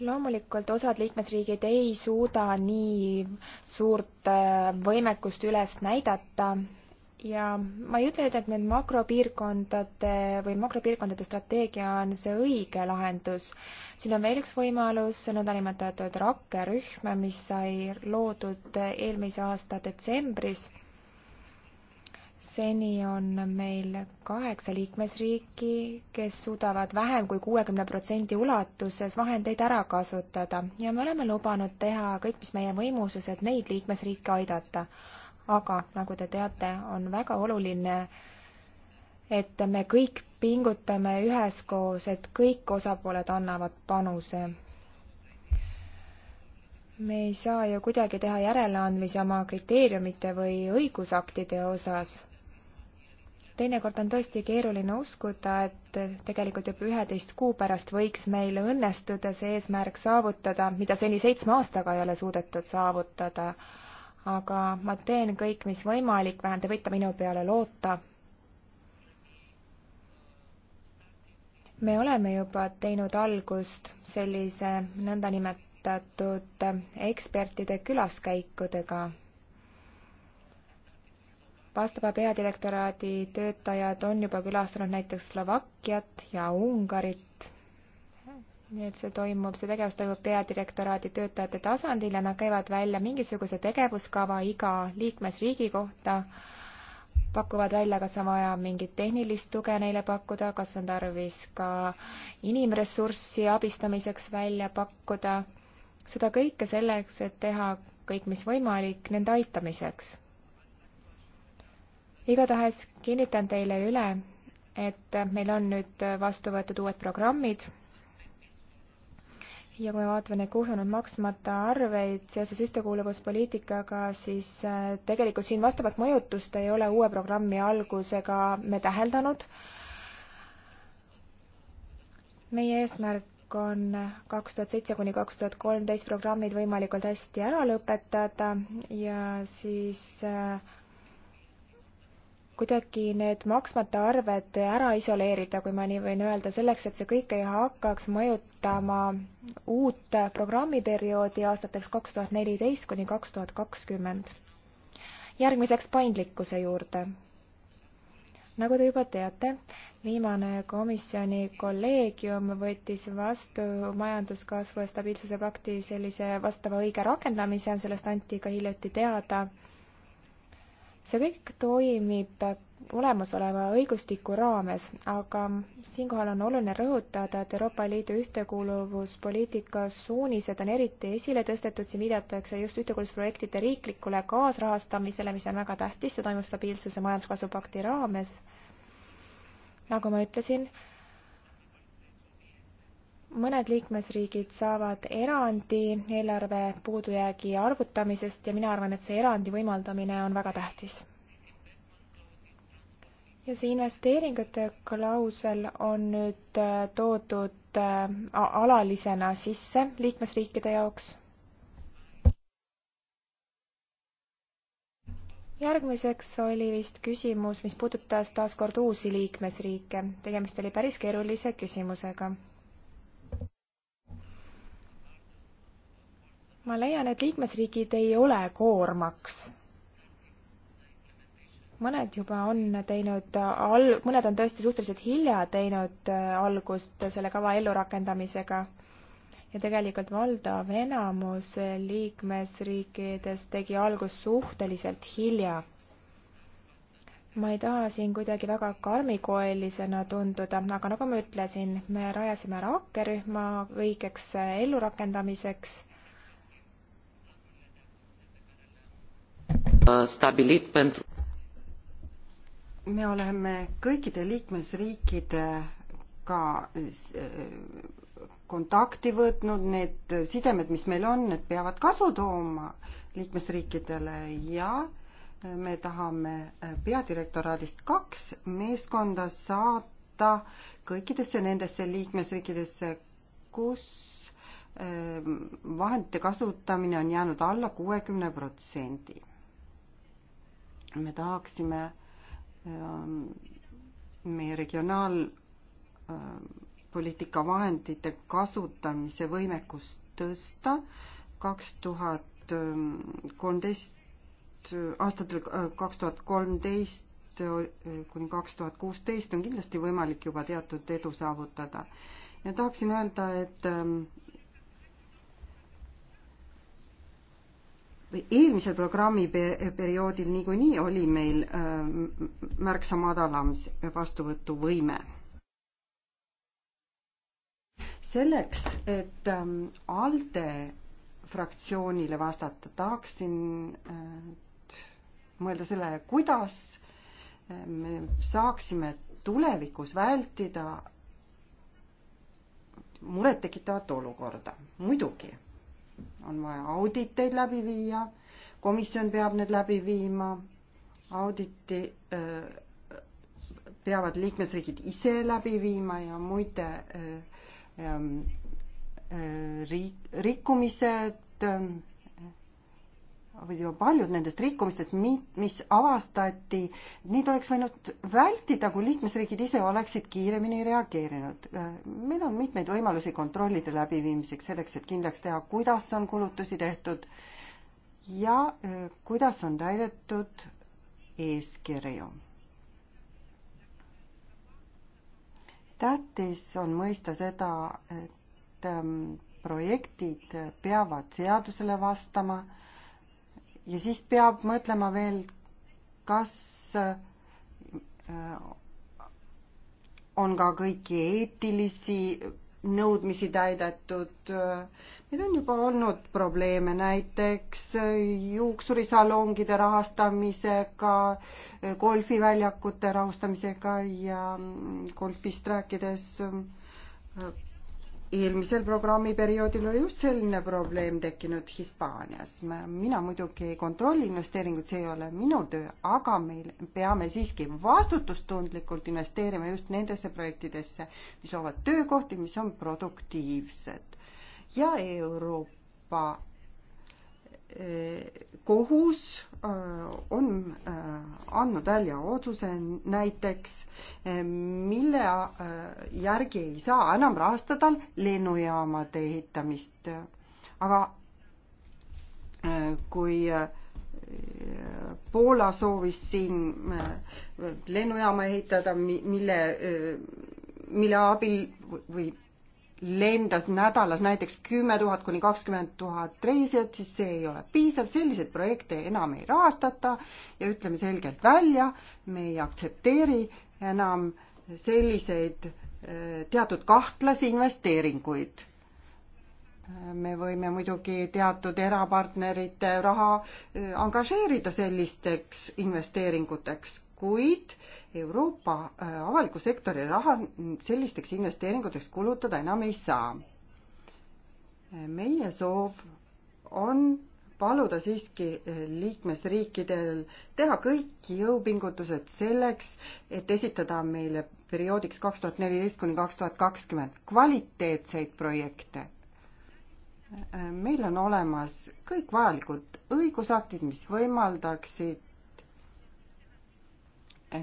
loomulikult osad liikmesriigid ei suuda nii suurt äh, võimekust üles näidata ja ma ei ütle nüüd, et meil makropiirkondade või makropiirkondade strateegia on see õige lahendus. siin on veel üks võimalus, nõndanimetatud rakkerühm, mis sai loodud eelmise aasta detsembris. seni on meil kaheksa liikmesriiki, kes suudavad vähem kui kuuekümne protsendi ulatuses vahendeid ära kasutada ja me oleme lubanud teha kõik, mis meie võimuses, et neid liikmesriike aidata aga nagu te teate, on väga oluline, et me kõik pingutame üheskoos, et kõik osapooled annavad panuse. me ei saa ju kuidagi teha järeleandmisi oma kriteeriumite või õigusaktide osas teinekord on tõesti keeruline uskuda, et tegelikult juba üheteist kuu pärast võiks meil õnnestuda see eesmärk saavutada, mida seni seitsme aastaga ei ole suudetud saavutada aga ma teen kõik, mis võimalik, vähemalt te võite minu peale loota. me oleme juba teinud algust sellise nõndanimetatud ekspertide külaskäikudega. vastava peadirektoraadi töötajad on juba külastanud näiteks Slovakkiat ja Ungarit nii et see toimub, see tegevus toimub peadirektoraadi töötajate tasandil ja nad käivad välja mingisuguse tegevuskava iga liikmesriigi kohta, pakuvad välja, kas on vaja mingit tehnilist tuge neile pakkuda, kas on tarvis ka inimressurssi abistamiseks välja pakkuda, seda kõike selleks, et teha kõik, mis võimalik nende aitamiseks. igatahes kinnitan teile üle, et meil on nüüd vastu võetud uued programmid ja kui me vaatame neid kuhjunud maksmata arveid seoses ühtekuuluvuspoliitikaga, siis äh, tegelikult siin vastavat mõjutust ei ole uue programmi algusega me täheldanud. meie eesmärk on kaks tuhat seitse kuni kaks tuhat kolmteist programmid võimalikult hästi ära lõpetada ja siis äh, kuidagi need maksmata arved ära isoleerida, kui ma nii võin öelda, selleks, et see kõik ei hakkaks mõjutama uut programmiperioodi aastateks kaks tuhat neliteist kuni kaks tuhat kakskümmend. järgmiseks paindlikkuse juurde nagu te juba teate, viimane komisjoni kolleegium võttis vastu majanduskasvu ja stabiilsuse pakti sellise vastava õige rakendamise, sellest anti ka hiljuti teada see kõik toimib olemasoleva õigustiku raames, aga siinkohal on oluline rõhutada, et Euroopa Liidu ühtekuuluvuspoliitika suunised on eriti esile tõstetud, siin viidatakse just ühtekuuluvusprojektide riiklikule kaasrahastamisele, mis on väga tähtis, see toimub stabiilsuse majanduskasvu pakti raames. nagu ma ütlesin, mõned liikmesriigid saavad erandi eelarve puudujäägi arvutamisest ja mina arvan, et see erandi võimaldamine on väga tähtis. ja see investeeringute klausel on nüüd äh, toodud äh, alalisena sisse liikmesriikide jaoks järgmiseks oli vist küsimus, mis puudutas taaskord uusi liikmesriike. tegemist oli päris keerulise küsimusega ma leian, et liikmesriigid ei ole koormaks. mõned juba on teinud al-, mõned on tõesti suhteliselt hilja teinud äh, algust selle kava ellurakendamisega ja tegelikult valdav enamus liikmesriikidest tegi algust suhteliselt hilja. ma ei taha siin kuidagi väga karmikoelisena tunduda, aga nagu ma ütlesin, me rajasime rakkerühma õigeks äh, ellurakendamiseks stabilit pentru me oleme kõikide liikmesriikidega äh, kontakti võtnud, need sidemed, mis meil on, need peavad kasu tooma liikmesriikidele ja me tahame äh, peadirektoraadist kaks meeskonda saata kõikidesse nendesse liikmesriikidesse, kus äh, vahendite kasutamine on jäänud alla kuuekümne protsendi me tahaksime ähm, meie regionaalpoliitika ähm, vahendite kasutamise võimekust tõsta kaks tuhat ähm, kolmteist, äh, aastatel äh, kaks tuhat kolmteist äh, kuni kaks tuhat kuusteist on kindlasti võimalik juba teatud edu saavutada. ja tahaksin öelda, et eelmisel programmiperioodil niikuinii oli meil äh, märksa madalam vastuvõtuvõime. selleks, et ähm, ALDE fraktsioonile vastata, tahaksin äh, mõelda sellele, kuidas äh, me saaksime tulevikus vältida murettekitavat olukorda. muidugi on vaja auditeid läbi viia, komisjon peab need läbi viima, auditi äh, peavad liikmesriigid ise läbi viima ja muide äh, ähm, äh, riik, rikkumised ähm, või paljud nendest rikkumistest, mis avastati, neid oleks võinud vältida, kui liikmesriigid ise oleksid kiiremini reageerinud. meil on mitmeid võimalusi kontrollide läbiviimiseks, selleks et kindlaks teha, kuidas on kulutusi tehtud ja kuidas on täidetud eeskirju. tähtis on mõista seda, et projektid peavad seadusele vastama ja siis peab mõtlema veel, kas äh, on ka kõiki eetilisi nõudmisi täidetud. meil on juba olnud probleeme näiteks juuksurisalongide rahastamisega, golfiväljakute rahastamisega ja golfist rääkides äh, eelmisel programmiperioodil oli just selline probleem tekkinud Hispaanias. mina muidugi ei kontrolli investeeringuid, see ei ole minu töö, aga me peame siiski vastutustundlikult investeerima just nendesse projektidesse, mis loovad töökohti, mis on produktiivsed. ja Euroopa kohus äh, on äh, andnud välja otsuse näiteks, äh, mille järgi ei saa enam rahastada lennujaamade ehitamist. aga kui Poola soovis siin lennujaama ehitada, mille, mille abil või lendas nädalas näiteks kümme tuhat kuni kakskümmend tuhat reisijat, siis see ei ole piisav, selliseid projekte enam ei rahastata ja ütleme selgelt välja, me ei aktsepteeri enam selliseid eh, teatud kahtlasi investeeringuid. me võime muidugi teatud erapartnerite raha angažeerida eh, sellisteks investeeringuteks, kuid Euroopa äh, avaliku sektori raha sellisteks investeeringuteks kulutada enam ei saa. meie soov on paluda siiski äh, liikmesriikidel teha kõik jõupingutused selleks, et esitada meile perioodiks kaks tuhat neliteist kuni kaks tuhat kakskümmend kvaliteetseid projekte äh, meil on olemas kõik vajalikud õigusaktid, mis võimaldaksid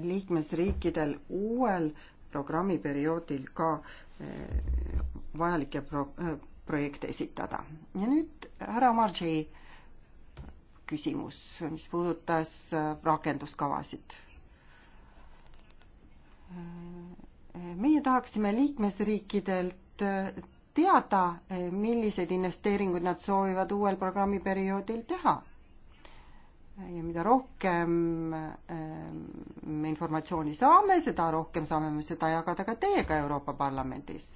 liikmesriikidel uuel programmiperioodil ka eh, vajalikke pro-, eh, projekte esitada. ja nüüd härra Omarži küsimus, mis puudutas eh, rakenduskavasid. meie tahaksime liikmesriikidelt teada, milliseid investeeringuid nad soovivad uuel programmiperioodil teha ja mida rohkem ehm, me informatsiooni saame, seda rohkem saame me seda jagada ka teiega Euroopa Parlamendis.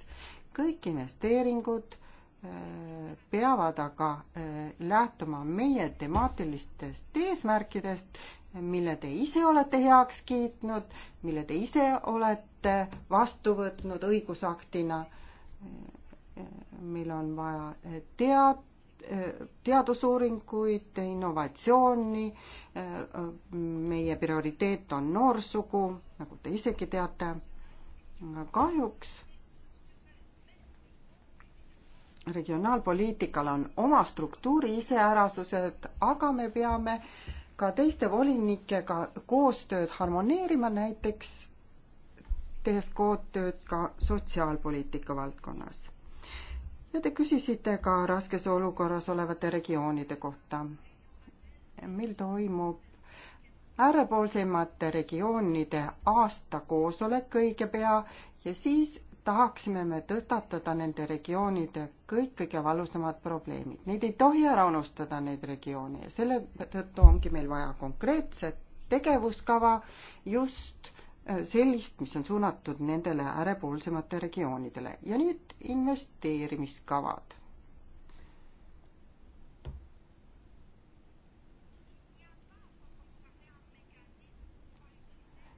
kõik investeeringud ehm, peavad aga ehm, lähtuma meie temaatilistest eesmärkidest, mille te ise olete heaks kiitnud, mille te ise olete vastu võtnud õigusaktina. meil on vaja tead-, Äh, teadusuuringuid, innovatsiooni, äh, äh, meie prioriteet on noorsugu, nagu te isegi teate. kahjuks regionaalpoliitikal on oma struktuuri iseärasused, aga me peame ka teiste volinikega koostööd harmoneerima, näiteks tehes koostööd ka sotsiaalpoliitika valdkonnas ja te küsisite ka raskes olukorras olevate regioonide kohta. meil toimub äärepoolsemate regioonide aastakoosolek õige pea ja siis tahaksime me tõstatada nende regioonide kõik kõige valusamad probleemid. Neid ei tohi ära unustada, neid regioone ja selle tõttu ongi meil vaja konkreetset tegevuskava just Äh, sellist, mis on suunatud nendele äärepoolsemate regioonidele ja nüüd investeerimiskavad.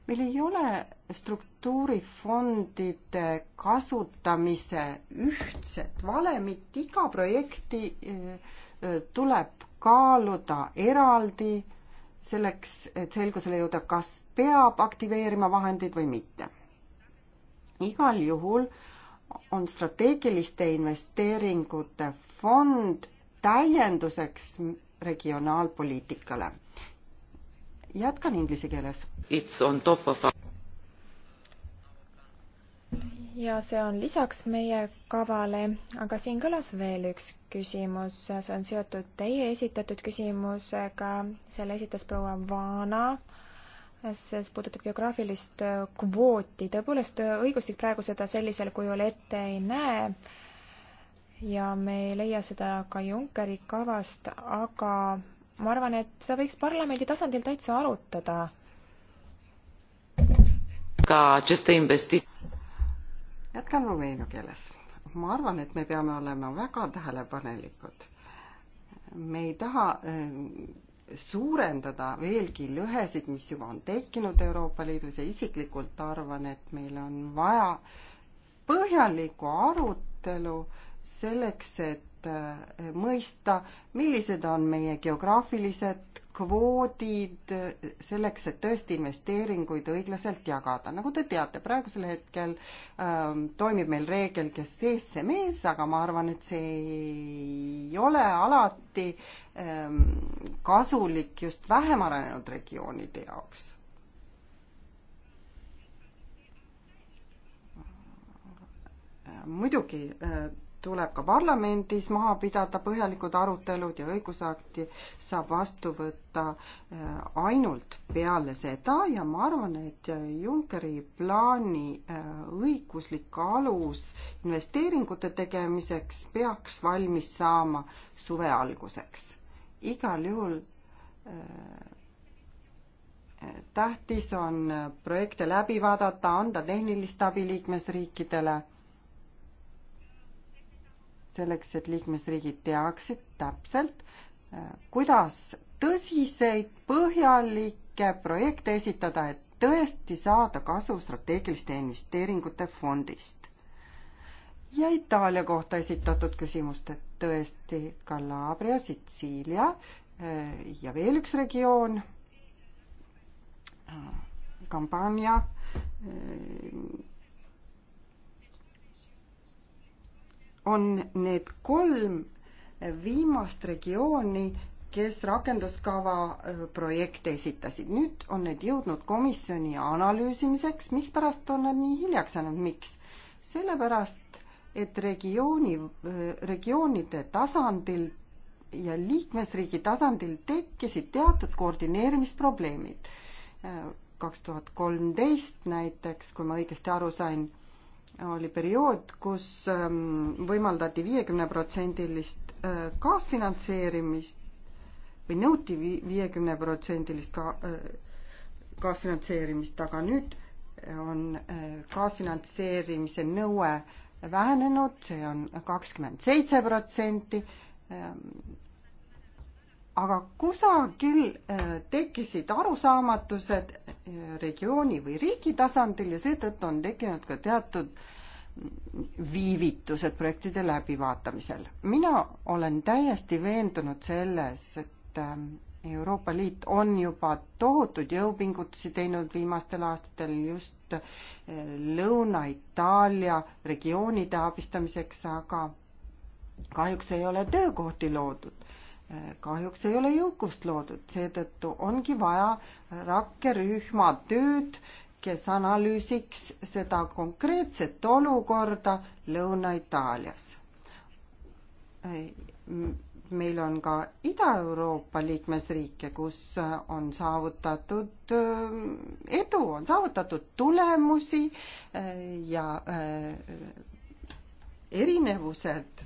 meil ei ole struktuurifondide kasutamise ühtset valemit, iga projekti äh, äh, tuleb kaaluda eraldi selleks, et selgusele jõuda, kas peab aktiveerima vahendeid või mitte. igal juhul on strateegiliste investeeringute fond täienduseks regionaalpoliitikale. jätkan inglise keeles. It's on top of ja see on lisaks meie kavale, aga siin kõlas veel üks küsimus, see on seotud teie esitatud küsimusega, selle esitas proua Vana see puudutab geograafilist kvooti. tõepoolest, õigustik praegu seda sellisel kujul ette ei näe ja me ei leia seda ka Junckeri kavast, aga ma arvan, et seda võiks parlamendi tasandil täitsa arutada. ka investi- jätkan rumeenia keeles. ma arvan, et me peame olema väga tähelepanelikud. me ei taha eh, suurendada veelgi lõhesid, mis juba on tekkinud Euroopa Liidus ja isiklikult arvan, et meil on vaja põhjalikku arutelu selleks, et eh, mõista, millised on meie geograafilised, kvoodid selleks, et tõesti investeeringuid õiglaselt jagada. nagu te teate, praegusel hetkel ähm, toimib meil reegel, kes sees, see mees, aga ma arvan, et see ei ole alati ähm, kasulik just vähem arenenud regioonide jaoks. muidugi äh, tuleb ka parlamendis maha pidada põhjalikud arutelud ja õigusakti saab vastu võtta äh, ainult peale seda ja ma arvan, et Junckeri plaani äh, õiguslik alus investeeringute tegemiseks peaks valmis saama suve alguseks. igal juhul äh, tähtis on projekte läbi vaadata, anda tehnilist abi liikmesriikidele selleks, et liikmesriigid teaksid täpselt, äh, kuidas tõsiseid põhjalikke projekte esitada, et tõesti saada kasu strateegiliste investeeringute fondist. ja Itaalia kohta esitatud küsimust, et tõesti Calabria, Sitsiilia äh, ja veel üks regioon, Kampaania äh, on need kolm viimast regiooni, kes rakenduskava äh, projekte esitasid. nüüd on need jõudnud komisjoni analüüsimiseks, mispärast on nad nii hiljaks jäänud, miks? sellepärast, et regiooni, äh, regioonide tasandil ja liikmesriigi tasandil tekkisid teatud koordineerimisprobleemid. Äh, kaks tuhat kolmteist näiteks, kui ma õigesti aru sain oli periood, kus ähm, võimaldati viiekümneprotsendilist äh, kaasfinantseerimist või nõuti viiekümneprotsendilist ka, äh, kaasfinantseerimist, aga nüüd on äh, kaasfinantseerimise nõue vähenenud, see on kakskümmend seitse protsenti ähm, aga kusagil äh, tekkisid arusaamatused äh, regiooni või riigi tasandil ja seetõttu on tekkinud ka teatud viivitused projektide läbivaatamisel. mina olen täiesti veendunud selles, et äh, Euroopa Liit on juba tohutuid jõupingutusi teinud viimastel aastatel just Lõuna-Itaalia regioonide abistamiseks, aga kahjuks ei ole töökohti loodud kahjuks ei ole jõukust loodud, seetõttu ongi vaja rakkerühma tööd, kes analüüsiks seda konkreetset olukorda Lõuna-Itaalias. meil on ka Ida-Euroopa liikmesriike, kus on saavutatud äh, edu, on saavutatud tulemusi äh, ja äh, erinevused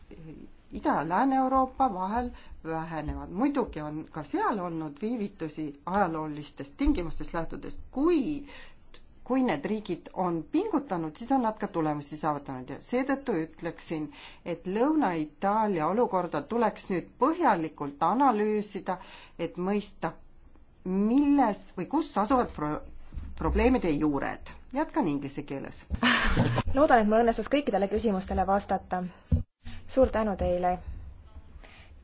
Ida- ja Lääne-Euroopa vahel vähenevad. muidugi on ka seal olnud viivitusi ajaloolistest tingimustest lähtudes, kui kui need riigid on pingutanud, siis on nad ka tulemusi saavutanud ja seetõttu ütleksin, et Lõuna-Itaalia olukorda tuleks nüüd põhjalikult analüüsida, et mõista, milles või kus asuvad pro probleemide juured. jätkan inglise keeles. loodan, et mul õnnestus kõikidele küsimustele vastata suur tänu teile!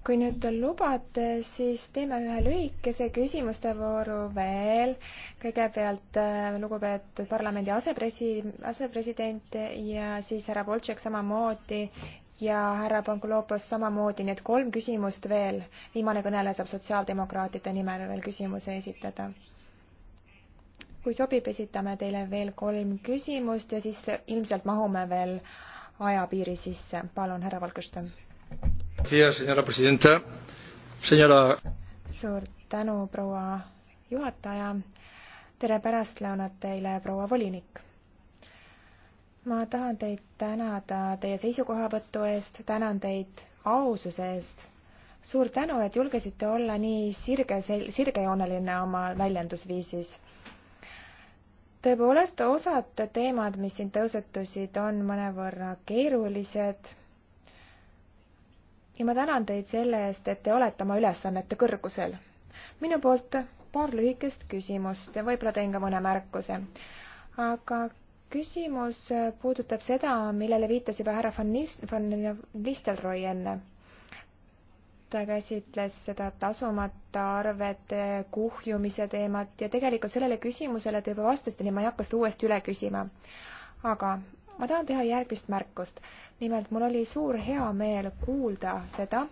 kui nüüd lubate, siis teeme ühe lühikese küsimuste vooru veel. kõigepealt äh, lugupeetud parlamendi asepresi-, asepresident ja siis härra Boltšek samamoodi ja härra Pankulopos samamoodi, nii et kolm küsimust veel. viimane kõneleja saab sotsiaaldemokraatide nimel veel küsimuse esitada. kui sobib, esitame teile veel kolm küsimust ja siis ilmselt mahume veel äh, ajapiiri sisse. palun, härra Valguste. suur tänu, proua juhataja. tere pärastlõunat teile, proua volinik ma tahan teid tänada teie seisukohavõtu eest, tänan teid aususe eest. suur tänu, et julgesite olla nii sirge, sirgejooneline oma väljendusviisis tõepoolest, osad teemad, mis siin tõusetusid, on mõnevõrra keerulised. ja ma tänan teid selle eest, et te olete oma ülesannete kõrgusel. minu poolt paar lühikest küsimust ja võib-olla teen ka mõne märkuse. aga küsimus puudutab seda, millele viitas juba härra von Nistelrooy enne käsitles seda tasumata arvete kuhjumise teemat ja tegelikult sellele küsimusele te juba vastasite, nii ma ei hakka seda uuesti üle küsima. aga ma tahan teha järgmist märkust. nimelt mul oli suur heameel kuulda seda,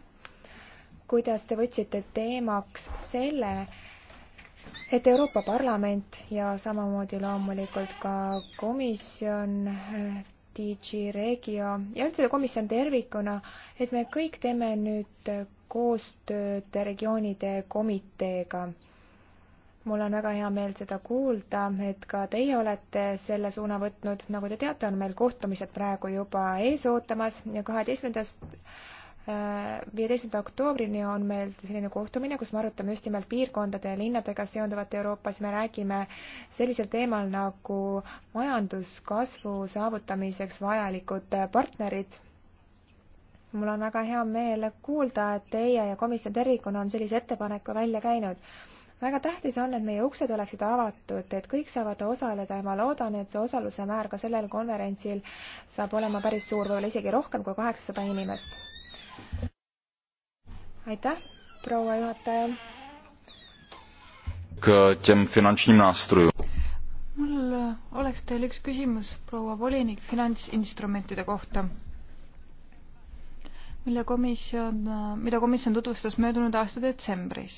kuidas te võtsite teemaks selle, et Euroopa Parlament ja samamoodi loomulikult ka komisjon, DG Regio ja üldse komisjon tervikuna, et me kõik teeme nüüd koostööd regioonide komiteega. mul on väga hea meel seda kuulda, et ka teie olete selle suuna võtnud, nagu te teate, on meil kohtumised praegu juba ees ootamas ja kaheteistkümnendast äh, viieteistkümnenda oktoobrini on meil selline kohtumine, kus me arutame just nimelt piirkondade ja linnadega seonduvat Euroopas. me räägime sellisel teemal nagu majanduskasvu saavutamiseks vajalikud partnerid mul on väga hea meel kuulda, et teie ja komisjon tervikuna on sellise ettepaneku välja käinud. väga tähtis on, et meie uksed oleksid avatud, et kõik saavad osaleda ja ma loodan, et see osaluse määr ka sellel konverentsil saab olema päris suur, võib-olla isegi rohkem kui kaheksasada inimest. aitäh, proua juhataja. mul oleks teile üks küsimus, proua volinik, finantsinstrumentide kohta mille komisjon, mida komisjon tutvustas möödunud aasta detsembris.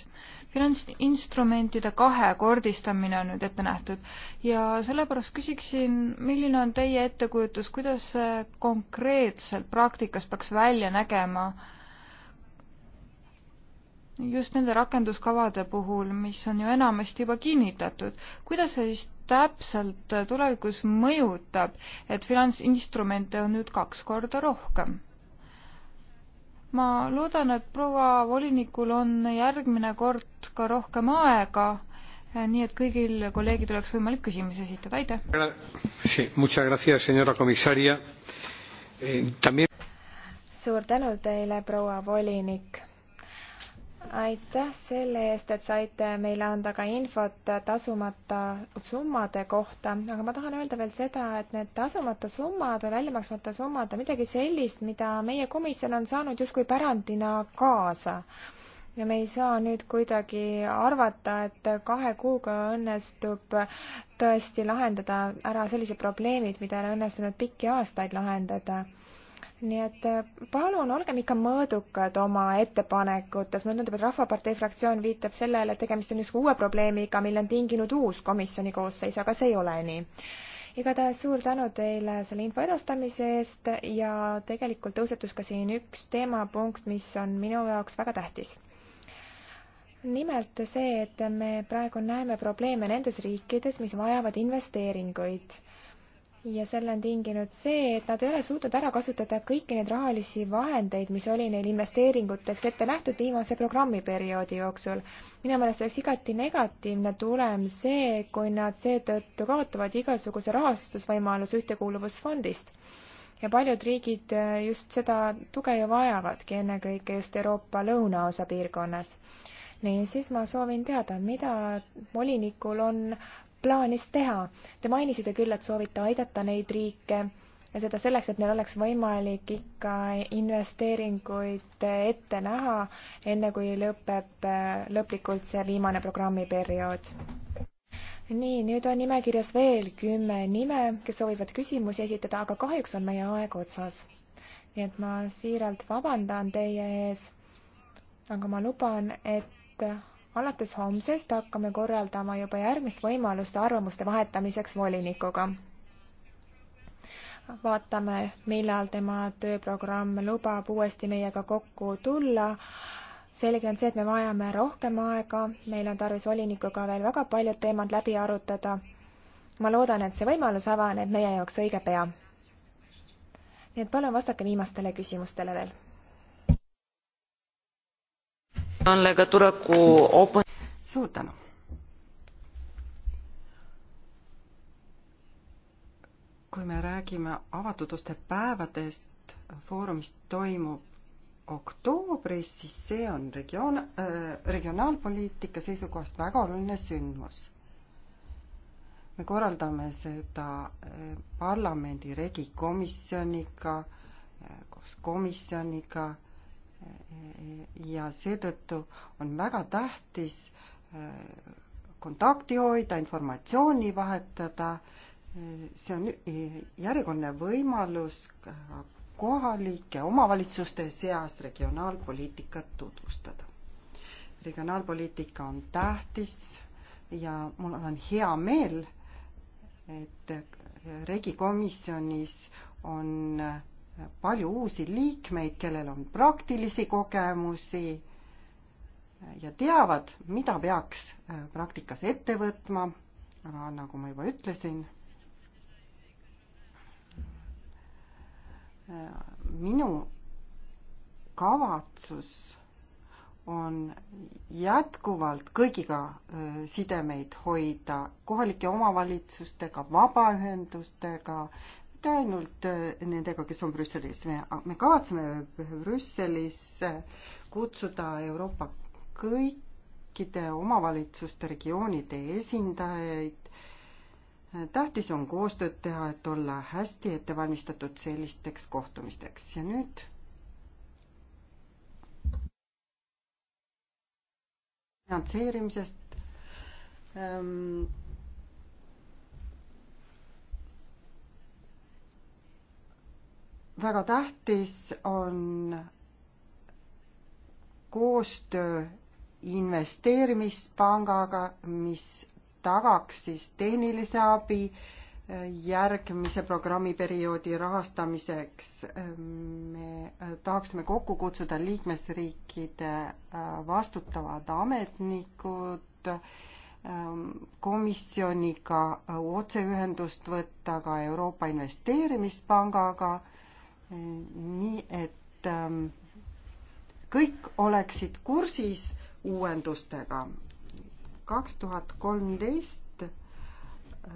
finantsinstrumentide kahekordistamine on nüüd ette nähtud ja sellepärast küsiksin, milline on teie ettekujutus, kuidas see konkreetselt praktikas peaks välja nägema just nende rakenduskavade puhul, mis on ju enamasti juba kinnitatud, kuidas see siis täpselt tulevikus mõjutab, et finantsinstrumente on nüüd kaks korda rohkem? ma loodan, et proua volinikul on järgmine kord ka rohkem aega, nii et kõigil kolleegidel oleks võimalik küsimusi esitada, aitäh! Eh, suur tänu teile, proua volinik! aitäh selle eest, et saite meile anda ka infot tasumata summade kohta, aga ma tahan öelda veel seda, et need tasumata summad või väljamaksmata summad on midagi sellist, mida meie komisjon on saanud justkui pärandina kaasa ja me ei saa nüüd kuidagi arvata, et kahe kuuga õnnestub tõesti lahendada ära sellised probleemid, mida ei ole õnnestunud pikki aastaid lahendada nii et äh, palun olgem ikka mõõdukad oma ettepanekutes, mulle tundub, et Rahvapartei fraktsioon viitab sellele, et tegemist on justkui uue probleemiga, mille on tinginud uus komisjoni koosseis, aga see ei ole nii. igatahes suur tänu teile selle info edastamise eest ja tegelikult tõusetus ka siin üks teemapunkt, mis on minu jaoks väga tähtis nimelt see, et me praegu näeme probleeme nendes riikides, mis vajavad investeeringuid ja selle on tinginud see, et nad ei ole suutnud ära kasutada kõiki neid rahalisi vahendeid, mis oli neil investeeringuteks ette nähtud viimase programmiperioodi jooksul. minu meelest oleks igati negatiivne tulem see, kui nad seetõttu kaotavad igasuguse rahastusvõimaluse ühtekuuluvusfondist. ja paljud riigid äh, just seda tuge ju vajavadki, ennekõike just Euroopa lõunaosa piirkonnas niisiis ma soovin teada, mida volinikul on plaanis teha? Te mainisite küll, et soovite aidata neid riike ja seda selleks, et neil oleks võimalik ikka investeeringuid ette näha, enne kui lõpeb lõplikult see viimane programmiperiood. nii, nüüd on nimekirjas veel kümme nime, kes soovivad küsimusi esitada, aga kahjuks on meie aeg otsas. nii et ma siiralt vabandan teie ees, aga ma luban, et alates homsest hakkame korraldama juba järgmist võimalust arvamuste vahetamiseks volinikuga. vaatame, millal tema tööprogramm lubab uuesti meiega kokku tulla. selge on see, et me vajame rohkem aega, meil on tarvis volinikuga veel väga paljud teemad läbi arutada. ma loodan, et see võimalus avaneb meie jaoks õige pea. nii et palun vastake viimastele küsimustele veel on legătură cu open... suur tänu. kui me räägime avatud uste päevadest, Foorumis toimub oktoobris, siis see on regioon äh,, regionaalpoliitika seisukohast väga oluline sündmus. me korraldame seda äh, parlamendi regikomisjoniga äh,, koos komisjoniga äh, ja seetõttu on väga tähtis äh, kontakti hoida, informatsiooni vahetada. see on järjekordne võimalus kohalike omavalitsuste seas regionaalpoliitikat tutvustada. regionaalpoliitika on tähtis ja mul on hea meel, et regikomisjonis on äh, palju uusi liikmeid, kellel on praktilisi kogemusi ja teavad, mida peaks äh, praktikas ette võtma, aga nagu ma juba ütlesin, äh, minu kavatsus on jätkuvalt kõigiga äh, sidemeid hoida, kohalike omavalitsustega, vabaühendustega, mitte ainult äh, nendega, kes on Brüsselis, me, me kavatseme Brüsselisse kutsuda Euroopa kõikide omavalitsuste, regioonide esindajaid. tähtis on koostööd teha, et olla hästi ette valmistatud sellisteks kohtumisteks ja nüüd finantseerimisest ähm, väga tähtis on koostöö investeerimispangaga, mis tagaks siis tehnilise abi järgmise programmiperioodi rahastamiseks. me tahaksime kokku kutsuda liikmesriikide vastutavad ametnikud, komisjoniga otseühendust võtta ka Euroopa Investeerimispangaga nii et ähm, kõik oleksid kursis uuendustega. kaks tuhat kolmteist äh,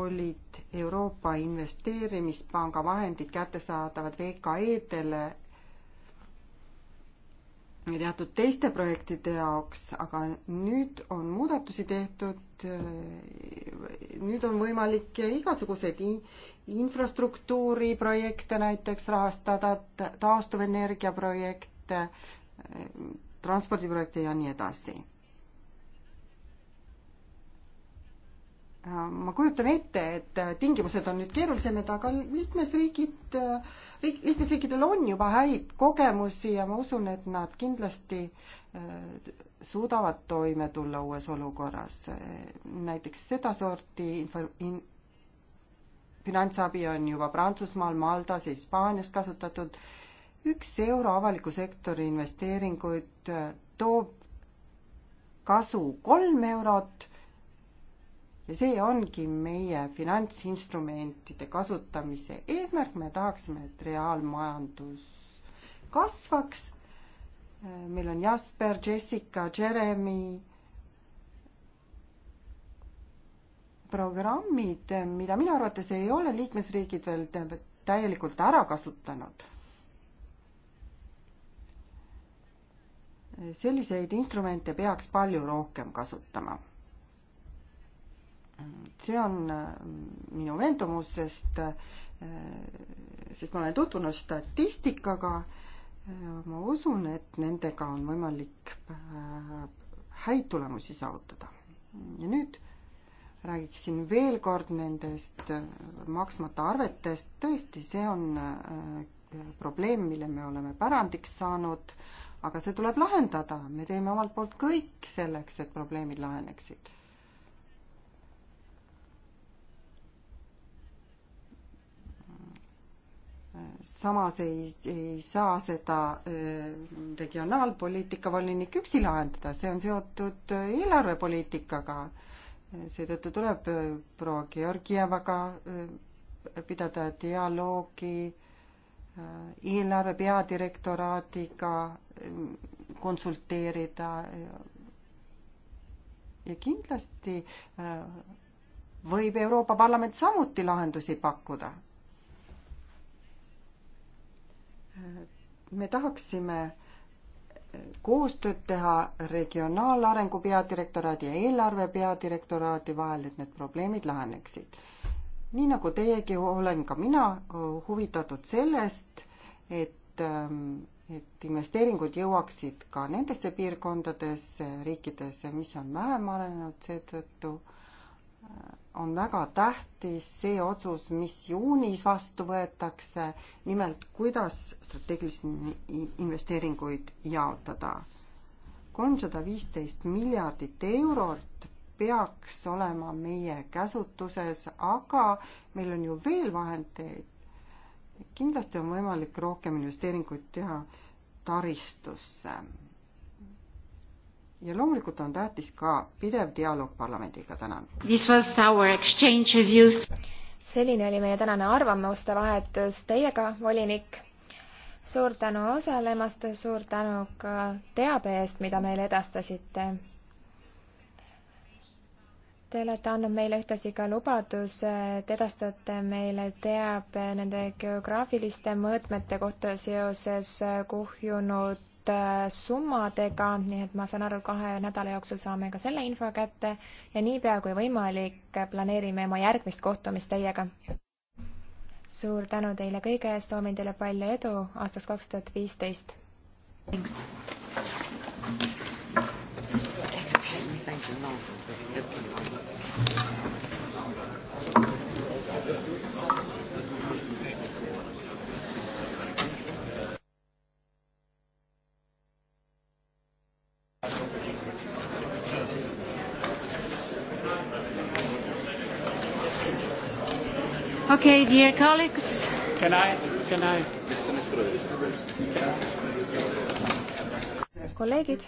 olid Euroopa Investeerimispanga vahendid kättesaadavad VKE-dele Nagu teatud teiste projektide jaoks, aga nüüd on muudatusi tehtud, äh, nüüd on võimalik igasuguseid infrastruktuuriprojekte näiteks rahastada, taastuvenergia projekte, äh, transpordiprojekte ja nii edasi Äh, ma kujutan ette, et äh, tingimused on nüüd keerulisemad, aga liikmesriigid, äh, riik, liikmesriikidel on juba häid kogemusi ja ma usun, et nad kindlasti suudavad toime tulla uues olukorras. näiteks sedasorti info in,, finantsabi on juba Prantsusmaal, Maltas ja Hispaanias kasutatud. üks euro avaliku sektori investeeringuid toob kasu kolm eurot ja see ongi meie finantsinstrumentide kasutamise eesmärk, me tahaksime, et reaalmajandus kasvaks. meil on Jasper, Jessica, Jeremy programmid, mida minu arvates ei ole liikmesriigid veel täielikult ära kasutanud. selliseid instrumente peaks palju rohkem kasutama see on äh, minu veendumus, sest, äh, sest ma olen tutvunud statistikaga. Äh, ma usun, et nendega on võimalik häid tulemusi saavutada. ja nüüd räägiksin veel kord nendest maksmata arvetest. tõesti, see on probleem, mille me oleme pärandiks saanud, aga see tuleb lahendada. me teeme omalt poolt kõik selleks, et probleemid laheneksid samas ei, ei saa seda äh, regionaalpoliitika volinik üksi lahendada, see on seotud äh, eelarvepoliitikaga. seetõttu tuleb äh, proua Georgievaga pidada dialoogi eelarve peadirektoraadiga, konsulteerida ja kindlasti võib Euroopa Parlament samuti lahendusi pakkuda me tahaksime koostööd teha regionaalarengu peadirektoraadi ja eelarve peadirektoraadi vahel, et need probleemid laheneksid. nii nagu teiegi, olen ka mina huvitatud sellest, et, et investeeringud jõuaksid ka nendesse piirkondadesse, riikidesse, mis on vähem arenenud, seetõttu on väga tähtis see otsus, mis juunis vastu võetakse, nimelt kuidas strateegilisi investeeringuid jaotada. kolmsada viisteist miljardit eurot peaks olema meie käsutuses, aga meil on ju veel vahendeid. kindlasti on võimalik rohkem investeeringuid teha taristusse ja loomulikult on tähtis ka pidev dialoog parlamendiga, tänan. selline oli meie tänane arvamuste vahetus teiega, volinik. suur tänu osalemast, suur tänu ka teabe eest, mida meile edastasite Te olete andnud meile ühtlasi ka lubaduse, et edastate meile teabe nende geograafiliste mõõtmete kohta seoses kuhjunud summadega, nii et ma saan aru, kahe nädala jooksul saame ka selle info kätte ja niipea kui võimalik, planeerime oma järgmist kohtumist teiega. suur tänu teile kõige eest, soovin teile palju edu aastaks kaks tuhat viisteist. Okay, dear colleagues. Can I? Can I? kolleegid.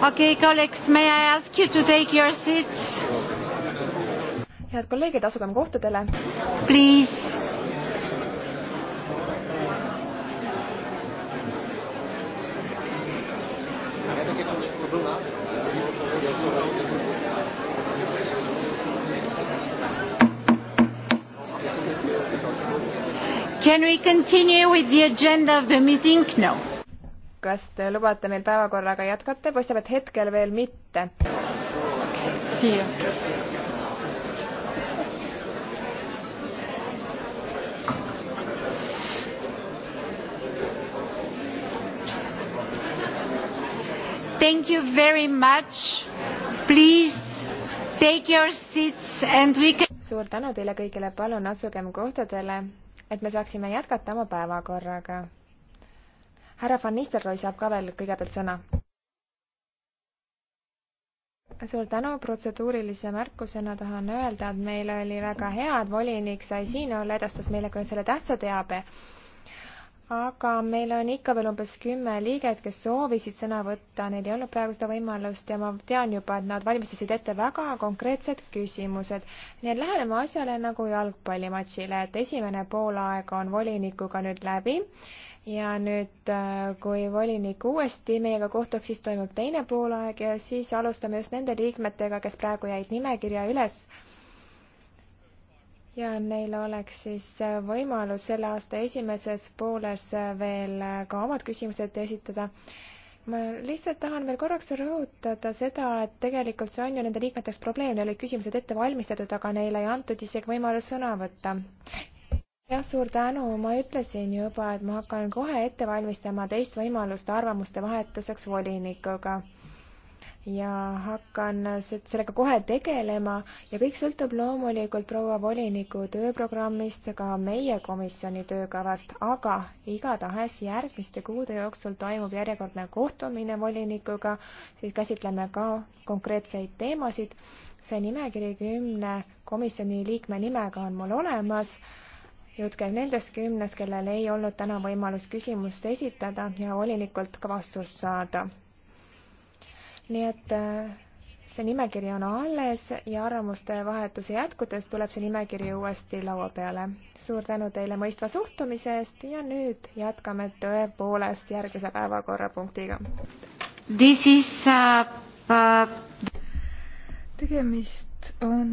Okay, colleagues, may I ask you to take your seats? head kolleegid, asugem kohtadele. Please. Can we continue with the agenda of the meeting? No kas te lubate meil päevakorraga jätkata, paistab, et hetkel veel mitte. siia. Thank you very much. Please take your seats and we can. suur tänu teile kõigile, palun asugem kohtadele, et me saaksime jätkata oma päevakorraga härra Van Nistelrooy saab ka veel kõigepealt sõna. suur tänu, protseduurilise märkusena tahan öelda, et meil oli väga hea, et volinik sai siin olla, edastas meile ka selle tähtsa teabe aga meil on ikka veel umbes kümme liiget, kes soovisid sõna võtta, neil ei olnud praegu seda võimalust ja ma tean juba, et nad valmistasid ette väga konkreetsed küsimused. nii et läheneme asjale nagu jalgpallimatšile, et esimene poolaeg on volinikuga nüüd läbi ja nüüd, äh, kui volinik uuesti meiega kohtub, siis toimub teine poolaeg ja siis alustame just nende liikmetega, kes praegu jäid nimekirja üles. ja neil oleks siis äh, võimalus selle aasta esimeses pooles äh, veel ka omad küsimused esitada. ma lihtsalt tahan veel korraks rõhutada seda, et tegelikult see on ju nende liikmeteks probleem, neil olid küsimused ette valmistatud, aga neile ei antud isegi võimalus sõna võtta jah, suur tänu, ma ütlesin juba, et ma hakkan kohe ette valmistama teist võimalust arvamuste vahetuseks volinikuga ja hakkan sellega kohe tegelema ja kõik sõltub loomulikult proua voliniku tööprogrammist, ka meie komisjoni töökavast, aga igatahes järgmiste kuude jooksul toimub järjekordne kohtumine volinikuga, siis käsitleme ka konkreetseid teemasid. see nimekiri kümne komisjoni liikme nimega on mul olemas jutt käib nendest kümnest, kellel ei olnud täna võimalust küsimust esitada ja volinikult ka vastust saada. nii et äh, see nimekiri on alles ja arvamuste vahetuse jätkudes tuleb see nimekiri uuesti laua peale. suur tänu teile mõistva suhtumise eest ja nüüd jätkame tõepoolest järgmise päevakorrapunktiga. This is uh, uh... tegemist on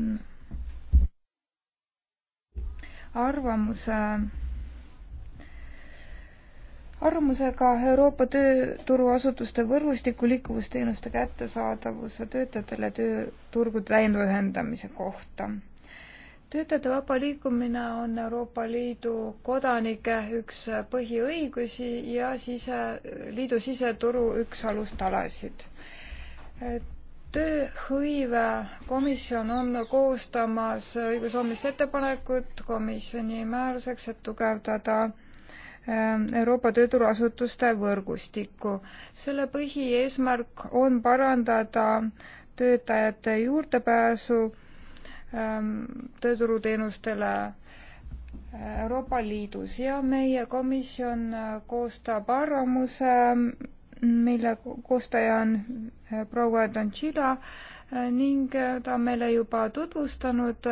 arvamuse arvamusega Euroopa tööturuasutuste võrgustiku liikuvusteenuste kättesaadavuse töötajatele tööturgude täiendava ühendamise kohta. töötajate vaba liikumine on Euroopa Liidu kodanike üks põhiõigusi ja sise, liidu siseturu üks alustalasid tööhõivekomisjon on koostamas õigusloomist ettepanekut komisjoni määruseks, et tugevdada ähm, Euroopa tööturuasutuste võrgustikku. selle põhieesmärk on parandada töötajate juurdepääsu ähm, tööturuteenustele Euroopa Liidus ja meie komisjon äh, koostab arvamuse mille koostaja on äh, proua Danchila äh, ning äh, ta on meile juba tutvustanud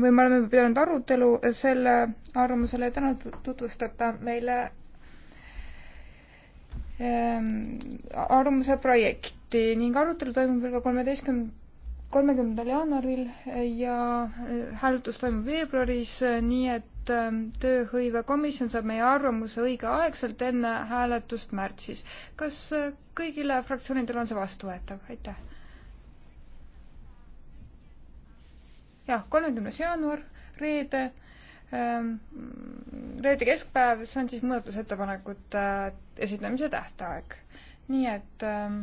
või me oleme pidanud arutelu selle arvamusele ja täna tutvustab ta meile ähm, arvamuse projekti ning arutelu toimub juba kolmeteistkümnendal kolmekümnendal jaanuaril ja hääletus toimub veebruaris, nii et Ähm, tööhõivekomisjon saab meie arvamuse õigeaegselt enne hääletust märtsis. kas äh, kõigile fraktsioonidele on see vastuvõetav? aitäh. jah, kolmekümnes jaanuar, reede, ähm, reede keskpäev, see on siis muudatusettepanekute äh, esitamise tähtaeg. nii et ähm,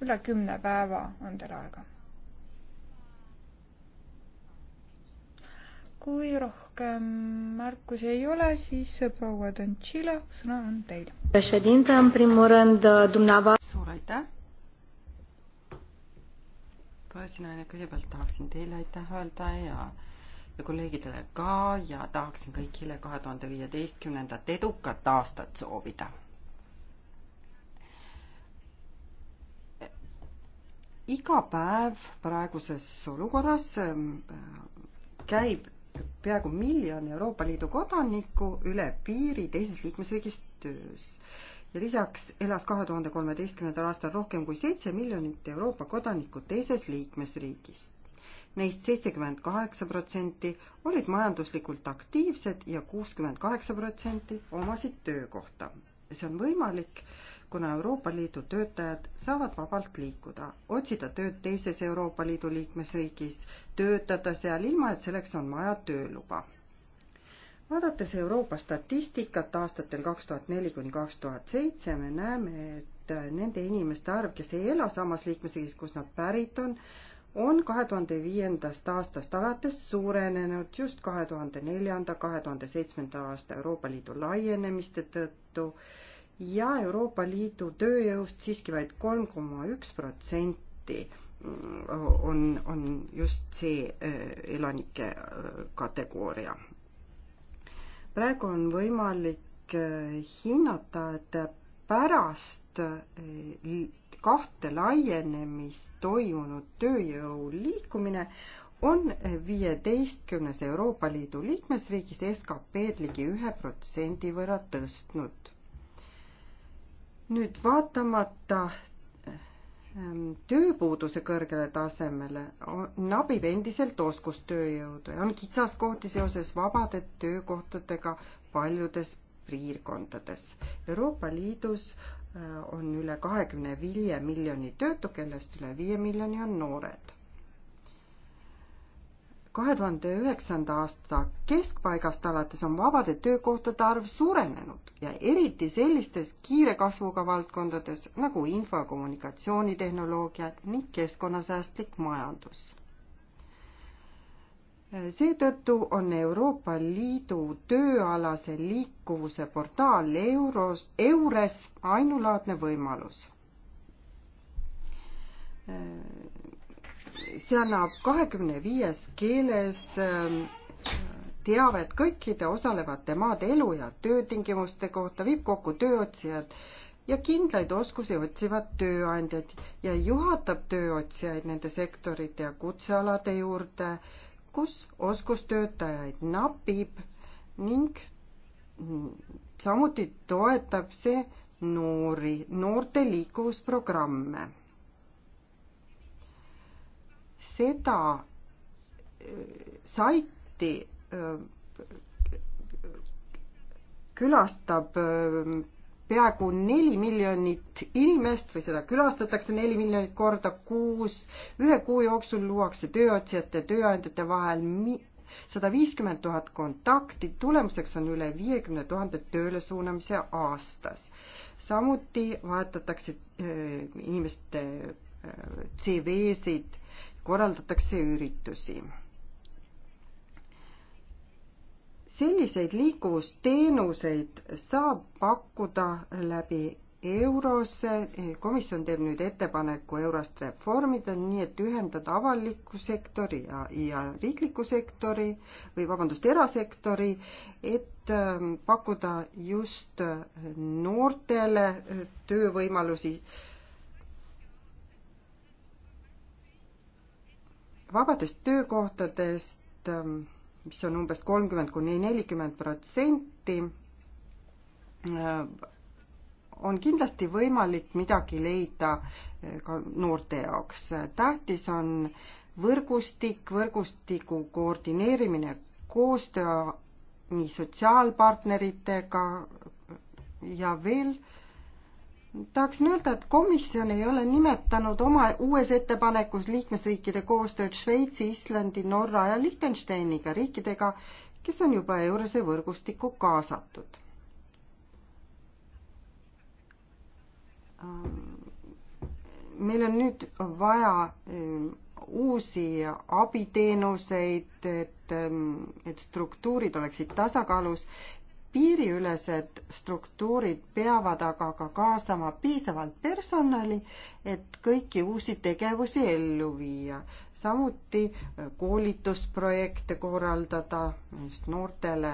üle kümne päeva on teil aega kui rohkem märkusi ei ole, siis proua Tontšila, sõna on teil. suur aitäh. poesinaine, kõigepealt tahaksin teile aitäh öelda ja ja kolleegidele ka ja tahaksin kõigile kahe tuhande viieteistkümnendat edukat aastat soovida. iga päev praeguses olukorras ähm, käib peaaegu miljon Euroopa Liidu kodanikku üle piiri teises liikmesriigis töös. ja lisaks elas kahe tuhande kolmeteistkümnendal aastal rohkem kui seitse miljonit Euroopa kodanikku teises liikmesriigis. Neist seitsekümmend kaheksa protsenti olid majanduslikult aktiivsed ja kuuskümmend kaheksa protsenti omasid töökohta. see on võimalik kuna Euroopa Liidu töötajad saavad vabalt liikuda, otsida tööd teises Euroopa Liidu liikmesriigis, töötada seal ilma, et selleks on vaja tööluba. vaadates Euroopa statistikat aastatel kaks tuhat neli kuni kaks tuhat seitse, me näeme, et nende inimeste arv, kes ei ela samas liikmesriigis, kus nad pärit on, on kahe tuhande viiendast aastast alates suurenenud just kahe tuhande neljanda, kahe tuhande seitsmenda aasta Euroopa Liidu laienemiste tõttu ja Euroopa Liidu tööjõust siiski vaid kolm koma üks protsenti on, on just see äh, elanike äh, kategooria. praegu on võimalik äh, hinnata, et pärast kahte laienemist toimunud tööjõu liikumine on viieteistkümnes Euroopa Liidu liikmesriigis SKP-d ligi ühe protsendi võrra tõstnud nüüd vaatamata ähm, tööpuuduse kõrgele tasemele nabib endiselt oskustööjõudu ja on kitsaskohti seoses vabade töökohtadega paljudes piirkondades. Euroopa Liidus äh, on üle kahekümne viie miljoni töötu, kellest üle viie miljoni on noored kahe tuhande üheksanda aasta keskpaigast alates on vabade töökohtade arv suurenenud ja eriti sellistes kiire kasvuga valdkondades nagu info- ja kommunikatsioonitehnoloogia ning keskkonnasäästlik majandus. seetõttu on Euroopa Liidu tööalase liikuvuse portaal Euros, Eures ainulaadne võimalus see annab kahekümne viies keeles ähm, teavet kõikide osalevate maade elu ja töötingimuste kohta, viib kokku tööotsijad ja kindlaid oskusi otsivad tööandjad ja juhatab tööotsijaid nende sektorite ja kutsealade juurde, kus oskustöötajaid napib ning samuti toetab see noori, noorte liikuvusprogramme seda äh, saiti äh, külastab äh, peaaegu neli miljonit inimest või seda külastatakse neli miljonit korda kuus. ühe kuu jooksul luuakse tööotsijate, tööandjate vahel sada viiskümmend tuhat kontakti, tulemuseks on üle viiekümne tuhande tööle suunamise aastas. samuti vahetatakse inimeste CV-sid korraldatakse üritusi. selliseid liikuvusteenuseid saab pakkuda läbi Eurose, komisjon teeb nüüd ettepaneku Eurost reformida nii, et ühendada avaliku sektori ja, ja riikliku sektori või vabandust, erasektori, et ähm, pakkuda just äh, noortele äh, töövõimalusi äh, vabadest töökohtadest, ähm, mis on umbes kolmkümmend kuni nelikümmend protsenti, äh, on kindlasti võimalik midagi leida äh, ka noorte jaoks. tähtis on võrgustik, võrgustiku koordineerimine, koostöö nii sotsiaalpartneritega ja veel äh, tahaksin öelda, et komisjon ei ole nimetanud oma uues ettepanekus liikmesriikide koostööd Šveitsi, Islandi, Norra ja Liechtensteiniga, riikidega, kes on juba Eurose võrgustikku kaasatud. meil on nüüd vaja ehm, uusi abiteenuseid, et, ehm, et struktuurid oleksid tasakaalus piiriülesed struktuurid peavad aga ka kaasama piisavalt personali, et kõiki uusi tegevusi ellu viia. samuti koolitusprojekte korraldada just noortele.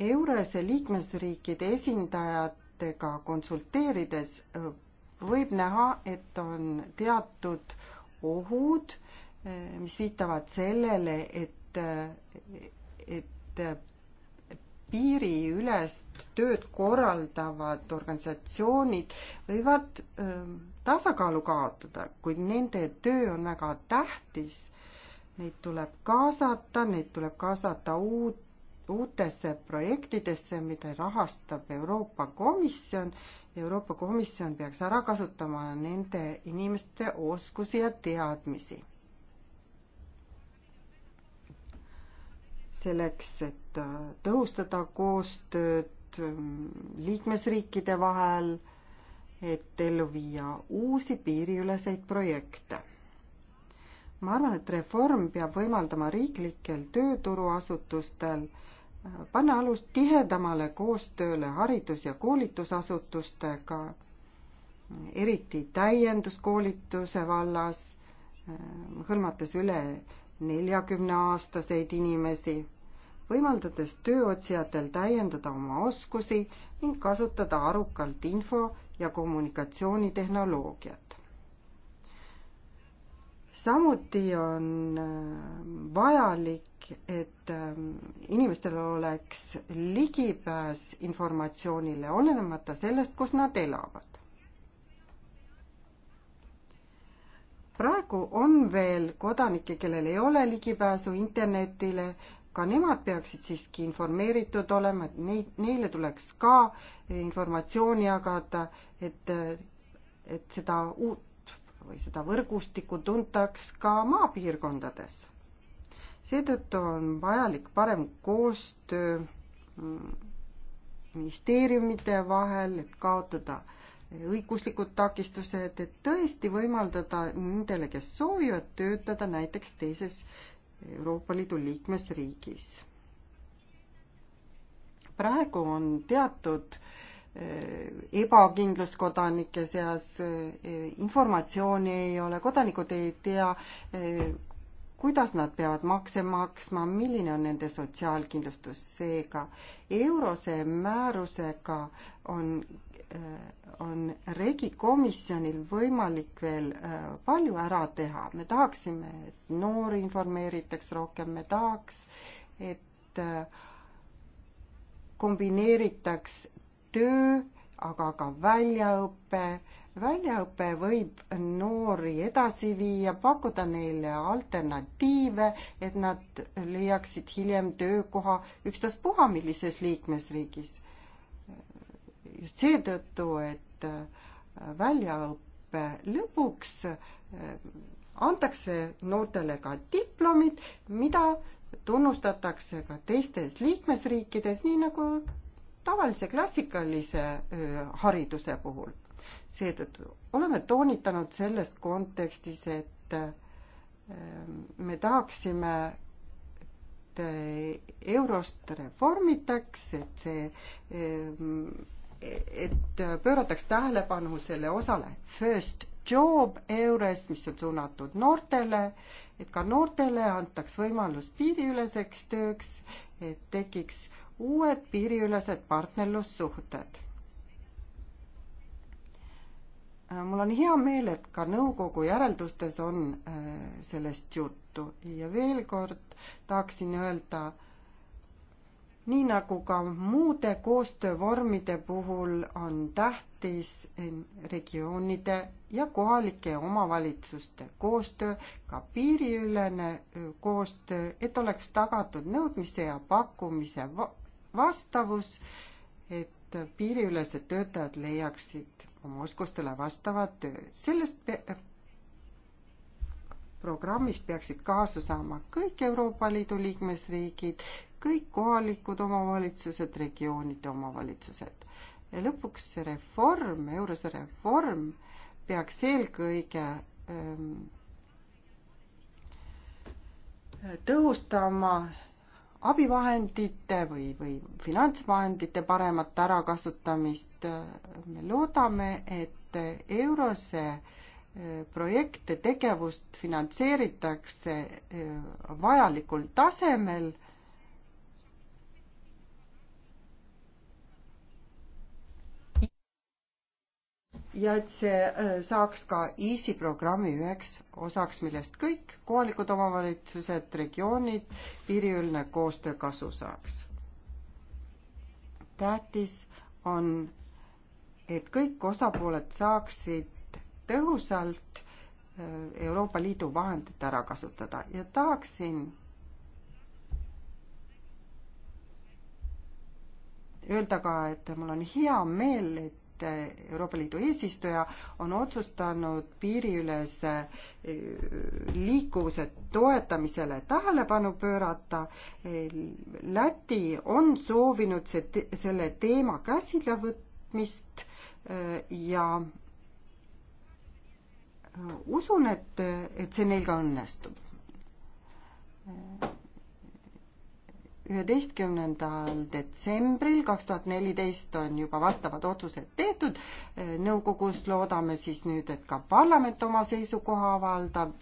EURES-e liikmesriikide esindajatega konsulteerides võib näha, et on teatud ohud, mis viitavad sellele, et, et et piiriülest tööd korraldavad organisatsioonid võivad ähm, tasakaalu kaotada, kuid nende töö on väga tähtis. Neid tuleb kaasata, neid tuleb kaasata uut, uutesse projektidesse, mida rahastab Euroopa Komisjon. Euroopa Komisjon peaks ära kasutama nende inimeste oskusi ja teadmisi selleks, et äh, tõhustada koostööd ähm, liikmesriikide vahel, et ellu viia uusi piiriüleseid projekte. ma arvan, et reform peab võimaldama riiklikel tööturuasutustel äh, panna alust tihedamale koostööle haridus- ja koolitusasutustega, eriti täienduskoolituse vallas, äh, hõlmates üle neljakümneaastaseid inimesi, võimaldades tööotsijatel täiendada oma oskusi ning kasutada arukalt info- ja kommunikatsioonitehnoloogiat. samuti on äh, vajalik, et äh, inimestel oleks ligipääs informatsioonile, olenemata sellest, kus nad elavad. praegu on veel kodanikke, kellel ei ole ligipääsu internetile, ka nemad peaksid siiski informeeritud olema, et neid, neile tuleks ka informatsiooni jagada, et, et seda uut või seda võrgustikku tuntaks ka maapiirkondades. seetõttu on vajalik parem koostöö mm, ministeeriumide vahel, et kaotada äh, õiguslikud takistused, et tõesti võimaldada nendele, kes soovivad töötada näiteks teises Euroopa Liidu liikmesriigis. praegu on teatud eh, ebakindlust kodanike seas, eh, informatsiooni ei ole, kodanikud ei tea, eh, kuidas nad peavad makse maksma, milline on nende sotsiaalkindlustus, seega Eurose määrusega on Äh, on regi komisjonil võimalik veel äh, palju ära teha. me tahaksime, et noori informeeritaks rohkem, me tahaks, et äh, kombineeritaks töö, aga ka väljaõpe. väljaõpe võib noori edasi viia, pakkuda neile alternatiive, et nad leiaksid hiljem töökoha ükstaspuha millises liikmesriigis just seetõttu, et äh, väljaõppe lõpuks äh, antakse noortele ka diplomid, mida tunnustatakse ka teistes liikmesriikides, nii nagu tavalise klassikalise hariduse puhul. seetõttu oleme toonitanud selles kontekstis, et äh, me tahaksime, et Eurost reformitaks, et see et pöörataks tähelepanu selle osale First Job EURES, mis on suunatud noortele, et ka noortele antaks võimalus piiriüleseks tööks, et tekiks uued piiriülesed partnerlussuhted. mul on hea meel, et ka nõukogu järeldustes on äh, sellest juttu ja veel kord tahaksin öelda, nii nagu ka muude koostöövormide puhul on tähtis regioonide ja kohalike omavalitsuste koostöö, ka piiriülene koostöö, et oleks tagatud nõudmise ja pakkumise vastavus, et piiriülesed töötajad leiaksid oma oskustele vastava töö. sellest programmist peaksid kaasa saama kõik Euroopa Liidu liikmesriigid, kõik kohalikud omavalitsused, regioonide omavalitsused. ja lõpuks see reform, Eurose reform peaks eelkõige ähm, tõhustama abivahendite või, või finantsvahendite paremat ärakasutamist. me loodame, et Eurose äh, projekte, tegevust finantseeritakse äh, vajalikul tasemel ja et see äh, saaks ka EASY programmi üheks osaks, millest kõik kohalikud omavalitsused, regioonid, piiriülne koostöö kasu saaks. tähtis on, et kõik osapooled saaksid tõhusalt äh, Euroopa Liidu vahendid ära kasutada ja tahaksin öelda ka, et mul on hea meel, et et Euroopa Liidu eesistuja on otsustanud piiriülese eh, liikuvuse toetamisele tähelepanu pöörata. Eh, Läti on soovinud see, selle teema käsilevõtmist eh, ja usun, et, et see neil ka õnnestub üheteistkümnendal detsembril kaks tuhat neliteist on juba vastavad otsused tehtud. nõukogus loodame siis nüüd, et ka parlament oma seisukoha avaldab.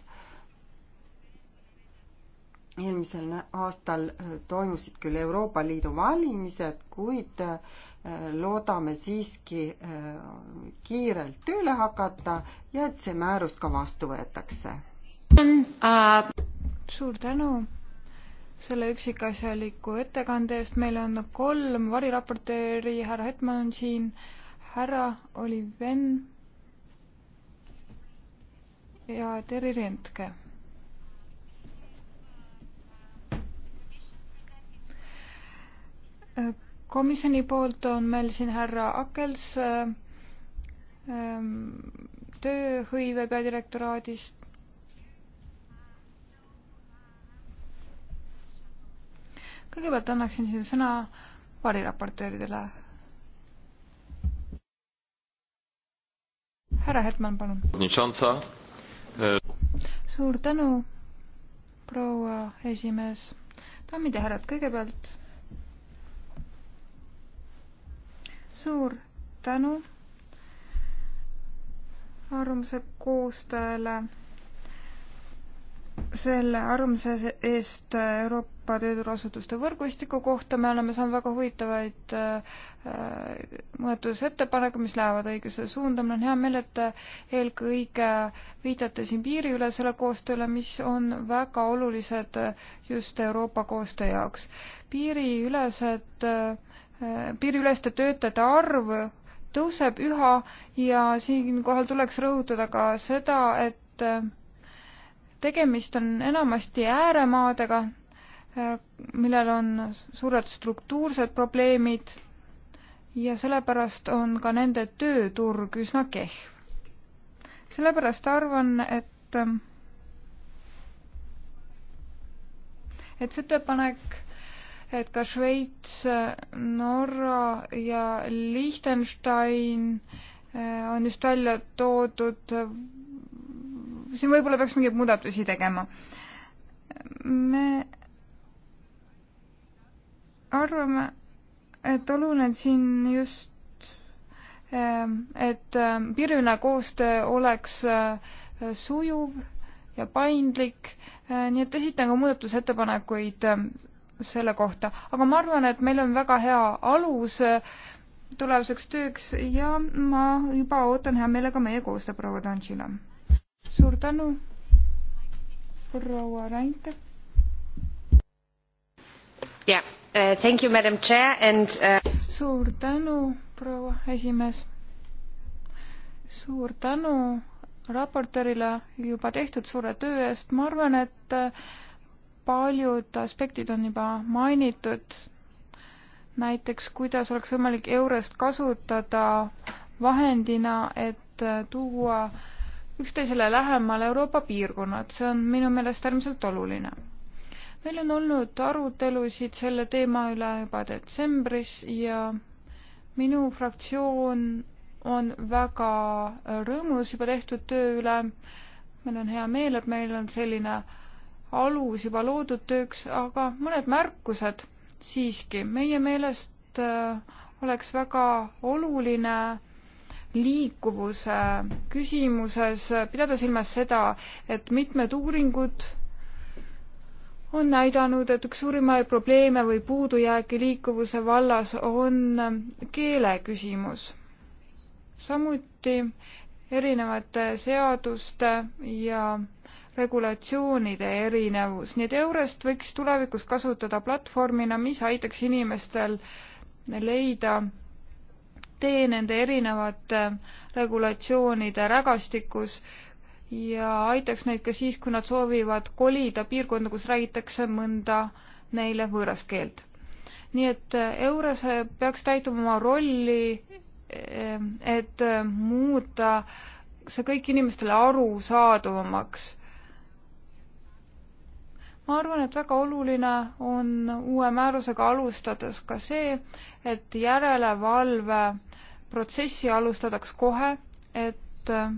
eelmisel aastal äh, toimusid küll Euroopa Liidu valimised, kuid äh, loodame siiski äh, kiirelt tööle hakata ja et see määrus ka vastu võetakse. suur tänu selle üksikasjaliku ettekande eest. meil on kolm variraportööri, härra Hetman on siin, härra Oliven ja Terri Rentke. komisjoni poolt on meil siin härra Akels ähm, tööhõive peadirektoraadist kõigepealt annaksin siin sõna variraportööridele. härra Hetman, palun. suur tänu, proua esimees. daamid ja härrad, kõigepealt suur tänu arvamuse koostajale selle arvamuse eest Euroopa tööturuasutuste võrgustiku kohta. me oleme saanud väga huvitavaid äh, muudatusettepanekuid, mis lähevad õigesse suunda. mul on hea meel, et eelkõige viitate siin piiriülesele koostööle, mis on väga olulised just Euroopa koostöö jaoks. piiriülesed, äh, piiriüleste töötajate arv tõuseb üha ja siinkohal tuleks rõhutada ka seda, et äh, tegemist on enamasti ääremaadega, äh, millel on suured struktuursed probleemid ja sellepärast on ka nende tööturg üsna kehv. sellepärast arvan, et äh, et see ettepanek, et ka Šveits, Norra ja Liechtenstein äh, on just välja toodud siin võib-olla peaks mingeid muudatusi tegema. me arvame, et oluline siin just, ähm, et ähm, piiriline koostöö oleks äh, sujuv ja paindlik, äh, nii et esitan ka muudatusettepanekuid ähm, selle kohta, aga ma arvan, et meil on väga hea alus äh, tulevaseks tööks ja ma juba ootan hea meelega meie koostöö proua Tantšile suur tänu, proua Ränke. jah yeah. uh,, thank you, madam chair and uh.... suur tänu, proua esimees. suur tänu raportöörile juba tehtud suure töö eest, ma arvan, et uh, paljud aspektid on juba mainitud, näiteks kuidas oleks võimalik eurost kasutada vahendina, et uh, tuua äh, üksteisele lähemal Euroopa piirkonnad, see on minu meelest äärmiselt oluline. meil on olnud arutelusid selle teema üle juba detsembris ja minu fraktsioon on väga rõõmus juba tehtud töö üle. meil on hea meel, et meil on selline alus juba loodud tööks, aga mõned märkused siiski. meie meelest äh, oleks väga oluline liikuvuse küsimuses, pidada silmas seda, et mitmed uuringud on näidanud, et üks suurimaid probleeme või puudujääki liikuvuse vallas on keele küsimus. samuti erinevate seaduste ja regulatsioonide erinevus, nii et Eurest võiks tulevikus kasutada platvormina, mis aitaks inimestel leida tee nende erinevate äh, regulatsioonide rägastikus ja aitaks neid ka siis, kui nad soovivad kolida piirkonda, kus räägitakse mõnda neile võõrast keelt. nii et äh, EURES äh, peaks täitma oma rolli, et muuta see kõik inimestele arusaadavamaks. ma arvan, et väga oluline on uue määrusega alustades ka see, et järelevalve protsessi alustataks kohe, et äh,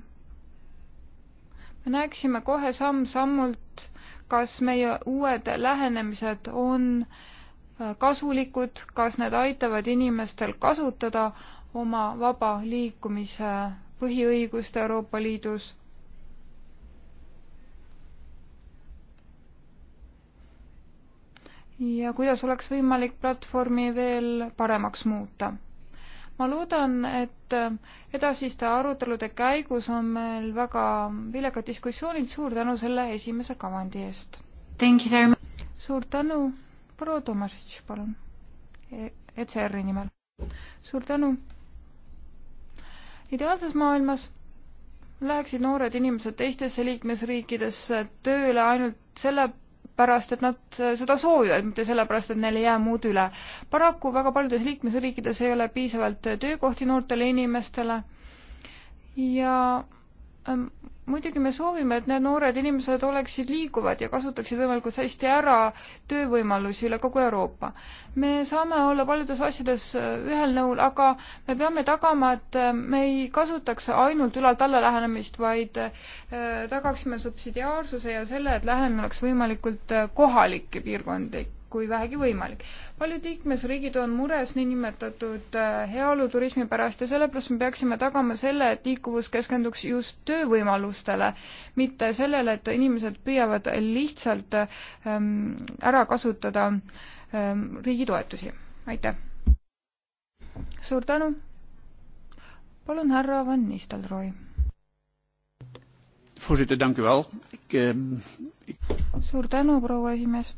me näeksime kohe samm-sammult, kas meie uued lähenemised on äh, kasulikud, kas need aitavad inimestel kasutada oma vaba liikumise põhiõigust Euroopa Liidus. ja kuidas oleks võimalik platvormi veel paremaks muuta ma loodan, et äh, edasiste arutelude käigus on meil väga viljakad diskussioonid, suur tänu selle esimese kavandi eest! suur tänu, proua Tomasitš, palun e, ECR-i nimel. suur tänu! ideaalses maailmas läheksid noored inimesed teistesse liikmesriikidesse tööle ainult selle sellepärast, et nad seda soovivad, mitte sellepärast, et neil ei jää muud üle. paraku väga paljudes liikmesriikides ei ole piisavalt töökohti noortele inimestele ja muidugi me soovime, et need noored inimesed oleksid liiguvad ja kasutaksid võimalikult hästi ära töövõimalusi üle kogu Euroopa. me saame olla paljudes asjades äh, ühel nõul, aga me peame tagama, et äh, me ei kasutaks ainult ülalt alla lähenemist, vaid äh, tagaksime subsidiaarsuse ja selle, et lähenemine oleks võimalikult kohalik ja piirkondlik kui vähegi võimalik. paljud liikmesriigid on mures niinimetatud äh, heaoluturismi pärast ja sellepärast me peaksime tagama selle, et liikuvus keskenduks just töövõimalustele, mitte sellele, et inimesed püüavad lihtsalt ähm, ära kasutada ähm, riigi toetusi. aitäh! suur tänu! palun, härra Van Nistelrooy. voorzitter, dank u wel. Ik, uh, ik... suur tänu, proua esimees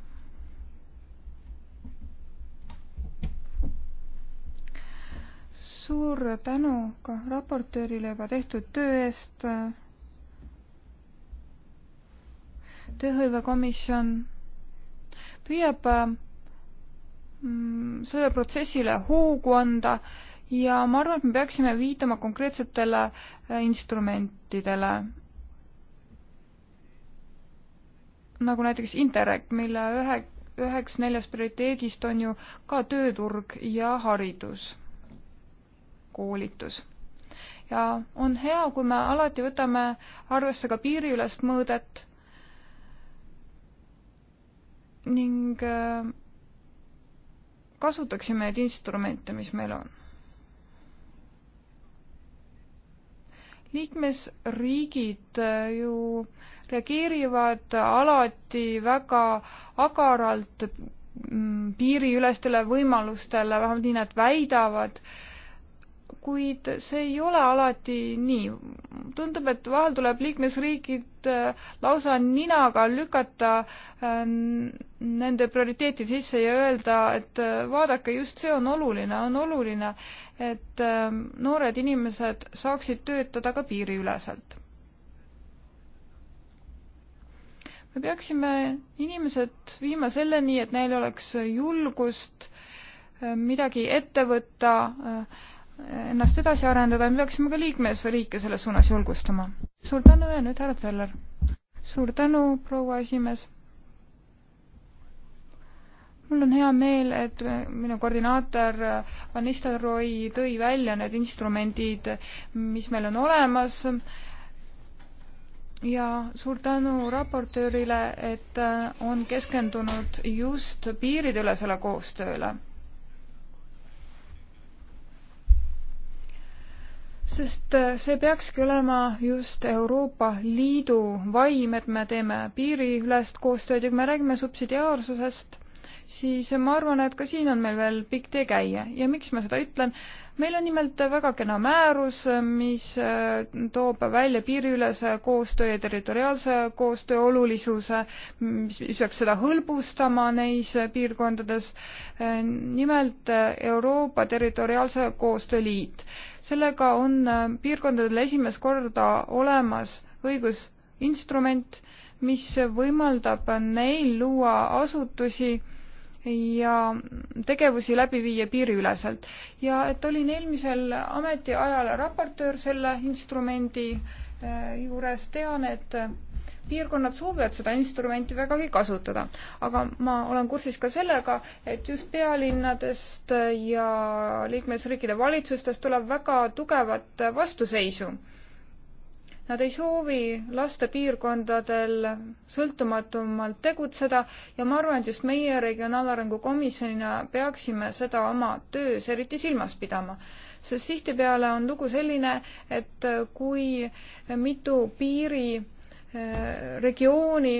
suur tänu ka raportöörile juba tehtud töö eest. tööhõivekomisjon püüab mm, sellele protsessile hoogu anda ja ma arvan, et me peaksime viitama konkreetsetele äh, instrumentidele. nagu näiteks Interreg, mille ühe, üheks neljast prioriteedist on ju ka tööturg ja haridus koolitus. ja on hea, kui me alati võtame arvesse ka piiriülest mõõdet ning äh, kasutaksime neid instrumente, mis meil on. liikmesriigid äh, ju reageerivad alati väga agaralt mm, piiriülestele võimalustele, vähemalt nii nad väidavad äh,, kuid see ei ole alati nii. tundub, et vahel tuleb liikmesriigid äh, lausa ninaga lükata äh, nende prioriteeti sisse ja öelda, et äh, vaadake, just see on oluline, on oluline, et noored inimesed saaksid töötada ka piiriüleselt. me peaksime inimesed viima selleni, et neil oleks julgust midagi ette võtta äh, ennast edasi arendada ja me peaksime ka liikmesriike selles suunas julgustama. suur tänu ja nüüd härra Zeller. suur tänu, proua esimees. mul on hea meel, et minu koordinaator äh, Van Nistelrooy tõi välja need instrumendid, mis meil on olemas. ja suur tänu raportöörile, et äh, on keskendunud just piirideülesele koostööle sest äh, see peakski olema just Euroopa Liidu vaim, et me teeme piiriülest koostööd ja kui me räägime subsidiaarsusest, siis ma arvan, et ka siin on meil veel pikk tee käia ja miks ma seda ütlen, meil on nimelt väga kena määrus, mis äh, toob välja piiriülese koostöö ja territoriaalse koostöö olulisuse, mis peaks seda hõlbustama neis piirkondades. Äh, nimelt äh, Euroopa Territoriaalse Koostöö Liit. sellega on piirkondadel esimest korda olemas õigusinstrument, mis võimaldab neil luua asutusi, ja tegevusi läbi viia piiriüleselt. ja et olin eelmisel ametiajal raportöör selle instrumendi äh, juures, tean, et äh, piirkonnad soovivad seda instrumenti vägagi kasutada, aga ma olen kursis ka sellega, et just pealinnadest äh, ja liikmesriikide valitsustest tuleb väga tugevat vastuseisu Nad ei soovi lasta piirkondadel sõltumatumalt tegutseda ja ma arvan, et just meie Regionaalarengu Komisjonina peaksime seda oma töös eriti silmas pidama. sest tihtipeale on lugu selline, et kui mitu piiri eh, regiooni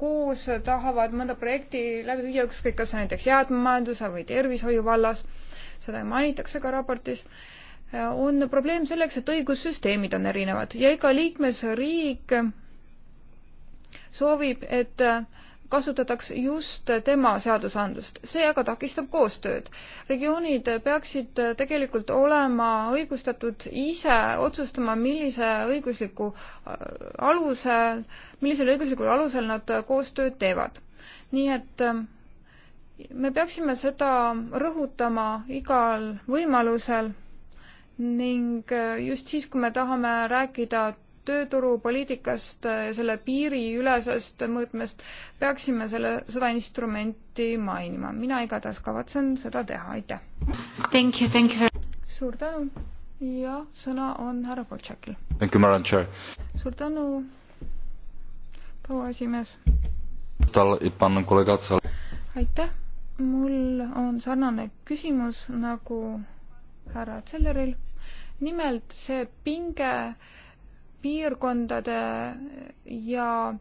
koos tahavad mõnda projekti läbi viia, ükskõik kas näiteks jäätmemajanduse või tervishoiu vallas, seda mainitakse ka raportis on probleem selleks, et õigussüsteemid on erinevad ja iga liikmesriik soovib, et kasutataks just tema seadusandlust. see aga takistab koostööd. regioonid peaksid tegelikult olema õigustatud ise otsustama, millise õigusliku äh, aluse, millisel õiguslikul alusel nad koostööd teevad. nii et äh, me peaksime seda rõhutama igal võimalusel ning äh, just siis, kui me tahame rääkida tööturupoliitikast ja äh, selle piiriülesest mõõtmest, peaksime selle, seda instrumenti mainima. mina igatahes kavatsen seda teha, aitäh! Thank you, thank you! suur tänu ja sõna on härra Kotšakil. Thank you, Madam Chair! suur tänu, proua esimees! aitäh! mul on sarnane küsimus nagu härra Zelleril. nimelt see pinge piirkondade ja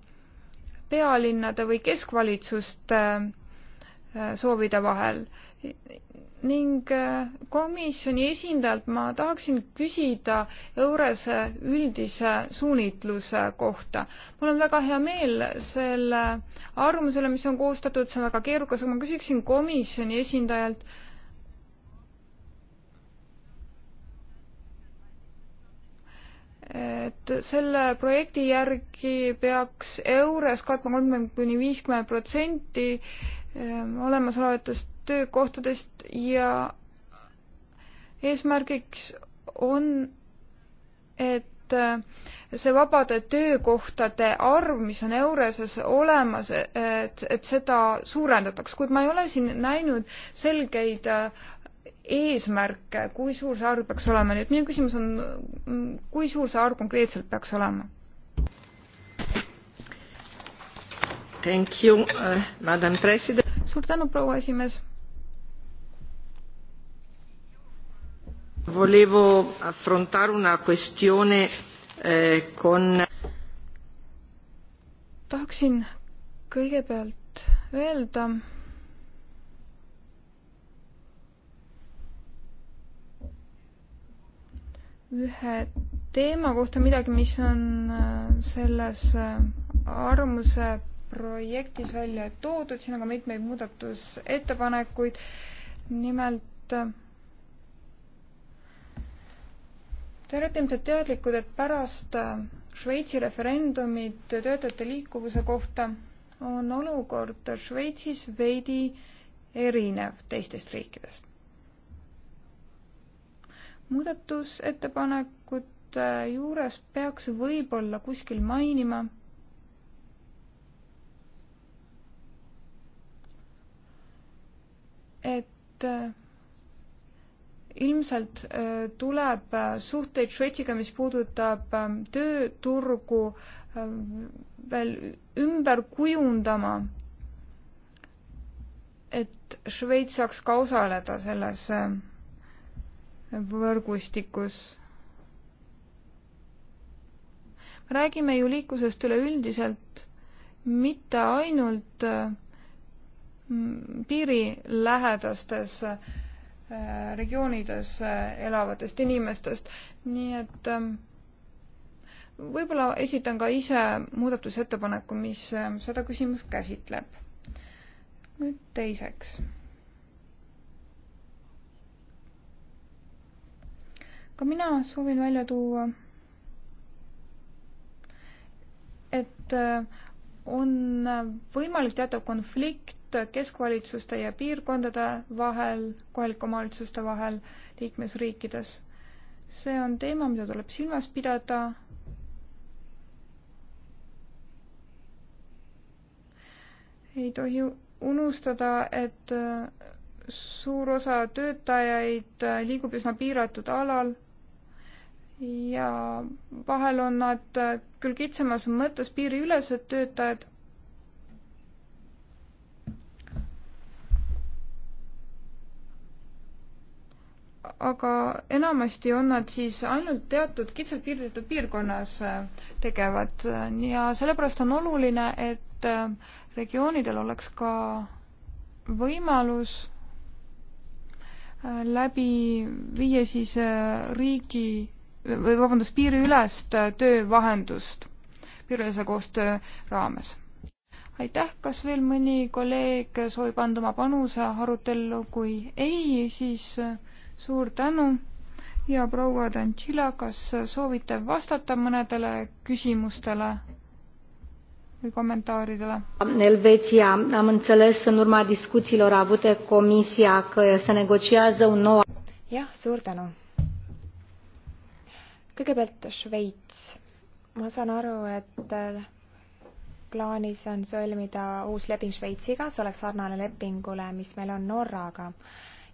pealinnade või keskvalitsuste äh, soovide vahel. ning äh, komisjoni esindajalt ma tahaksin küsida Eurese üldise suunitluse kohta. mul on väga hea meel selle arvamusele, mis on koostatud, see on väga keerukas, aga ma küsiksin komisjoni esindajalt äh, et selle projekti järgi peaks EURES katma kolmkümmend kuni viiskümmend protsenti ehm, olemasolevatest töökohtadest ja eesmärgiks on, et eh, see vabade töökohtade arv, mis on EURES-es olemas, et, et seda suurendataks, kuid ma ei ole siin näinud selgeid eh, eesmärke, kui suur see arv peaks olema, nii et minu küsimus on, kui suur see arv konkreetselt peaks olema? Thank you uh,, madam president. suur tänu, proua esimees. Volevo affrontare una questione eh, con tahaksin kõigepealt öelda ühe teema kohta midagi, mis on äh, selles äh, arvamuse projektis välja toodud, siin on ka mitmeid muudatusettepanekuid, nimelt äh, Te olete ilmselt teadlikud, et pärast Šveitsi referendumit töötajate liikuvuse kohta on olukord Šveitsis veidi erinev teistest riikidest muudatusettepanekute juures peaks võib-olla kuskil mainima et ilmselt tuleb suhteid Šveitiga, mis puudutab tööturgu, veel ümber kujundama, et Šveits saaks ka osaleda selles võrgustikus. me räägime ju liiklusest üleüldiselt, mitte ainult mm, piirilähedastes äh, regioonides äh, elavatest inimestest, nii et ähm, võib-olla esitan ka ise muudatusettepaneku, mis äh, seda küsimust käsitleb. nüüd teiseks ka mina soovin välja tuua, et äh, on võimalik teatav konflikt keskvalitsuste ja piirkondade vahel, kohalike omavalitsuste vahel liikmesriikides. see on teema, mida tuleb silmas pidada. ei tohi unustada, et äh, suur osa töötajaid äh, liigub üsna piiratud alal ja vahel on nad äh, küll kitsamas mõttes piiriülesed töötajad, aga enamasti on nad siis ainult teatud kitsalt piiritud piirkonnas äh, tegevad ja sellepärast on oluline, et äh, regioonidel oleks ka võimalus läbi viia siis riigi või vabandust, piiriülest äh, töövahendust piiriülese koostöö raames. aitäh, kas veel mõni kolleeg soovib anda oma panuse arutellu, kui ei, siis äh, suur tänu ja proua Tantšila, kas äh, soovite vastata mõnedele küsimustele? või kommentaaridele. Elveția, am înțeles în urma discuțiilor avute comisia că se negociază un nou jah, suur tänu kõigepealt Šveits. ma saan aru, et äh, plaanis on sõlmida uus leping Šveitsiga, see oleks sarnane lepingule, mis meil on Norraga.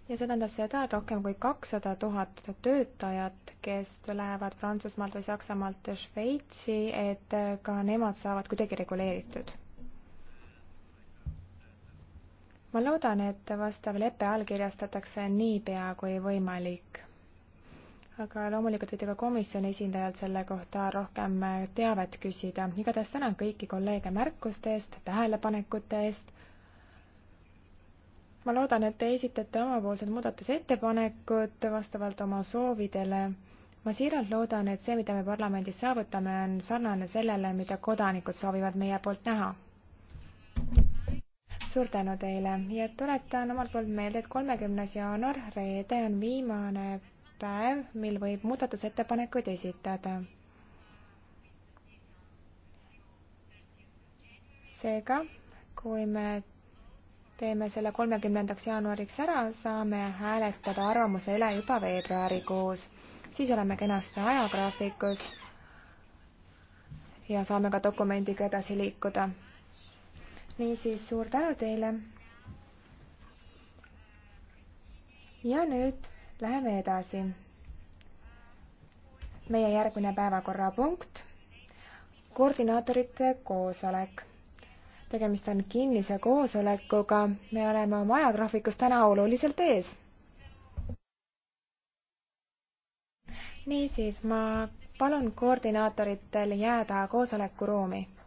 ja see tähendab seda, et rohkem kui kakssada tuhat töötajat, kes lähevad Prantsusmaalt või Saksamaalt Šveitsi, et äh, ka nemad saavad kuidagi reguleeritud. ma loodan, et vastav lepe allkirjastatakse niipea kui võimalik aga loomulikult võite ka komisjoni esindajalt selle kohta rohkem äh, teavet küsida. igatahes tänan kõiki kolleege märkuste eest, tähelepanekute eest. ma loodan, et te esitate omapoolsed muudatusettepanekud vastavalt oma soovidele. ma siiralt loodan, et see, mida me parlamendis saavutame, on sarnane sellele, mida kodanikud soovivad meie poolt näha suur tänu teile ja tuletan omalt poolt meelde, et kolmekümnes jaanuar, reede on viimane tähtaeg, mil võib muudatusettepanekuid esitada. seega, kui me teeme selle kolmekümnendaks jaanuariks ära, saame hääletada arvamuse üle juba veebruarikuus. siis oleme kenasti ajagraafikus ja saame ka dokumendiga edasi liikuda. niisiis, suur tänu teile. ja nüüd Läheme edasi. meie järgmine päevakorrapunkt, koordinaatorite koosolek. tegemist on kinnise koosolekuga, me oleme oma ajagraafikus täna oluliselt ees. niisiis, ma palun koordinaatoritel jääda koosolekuruumi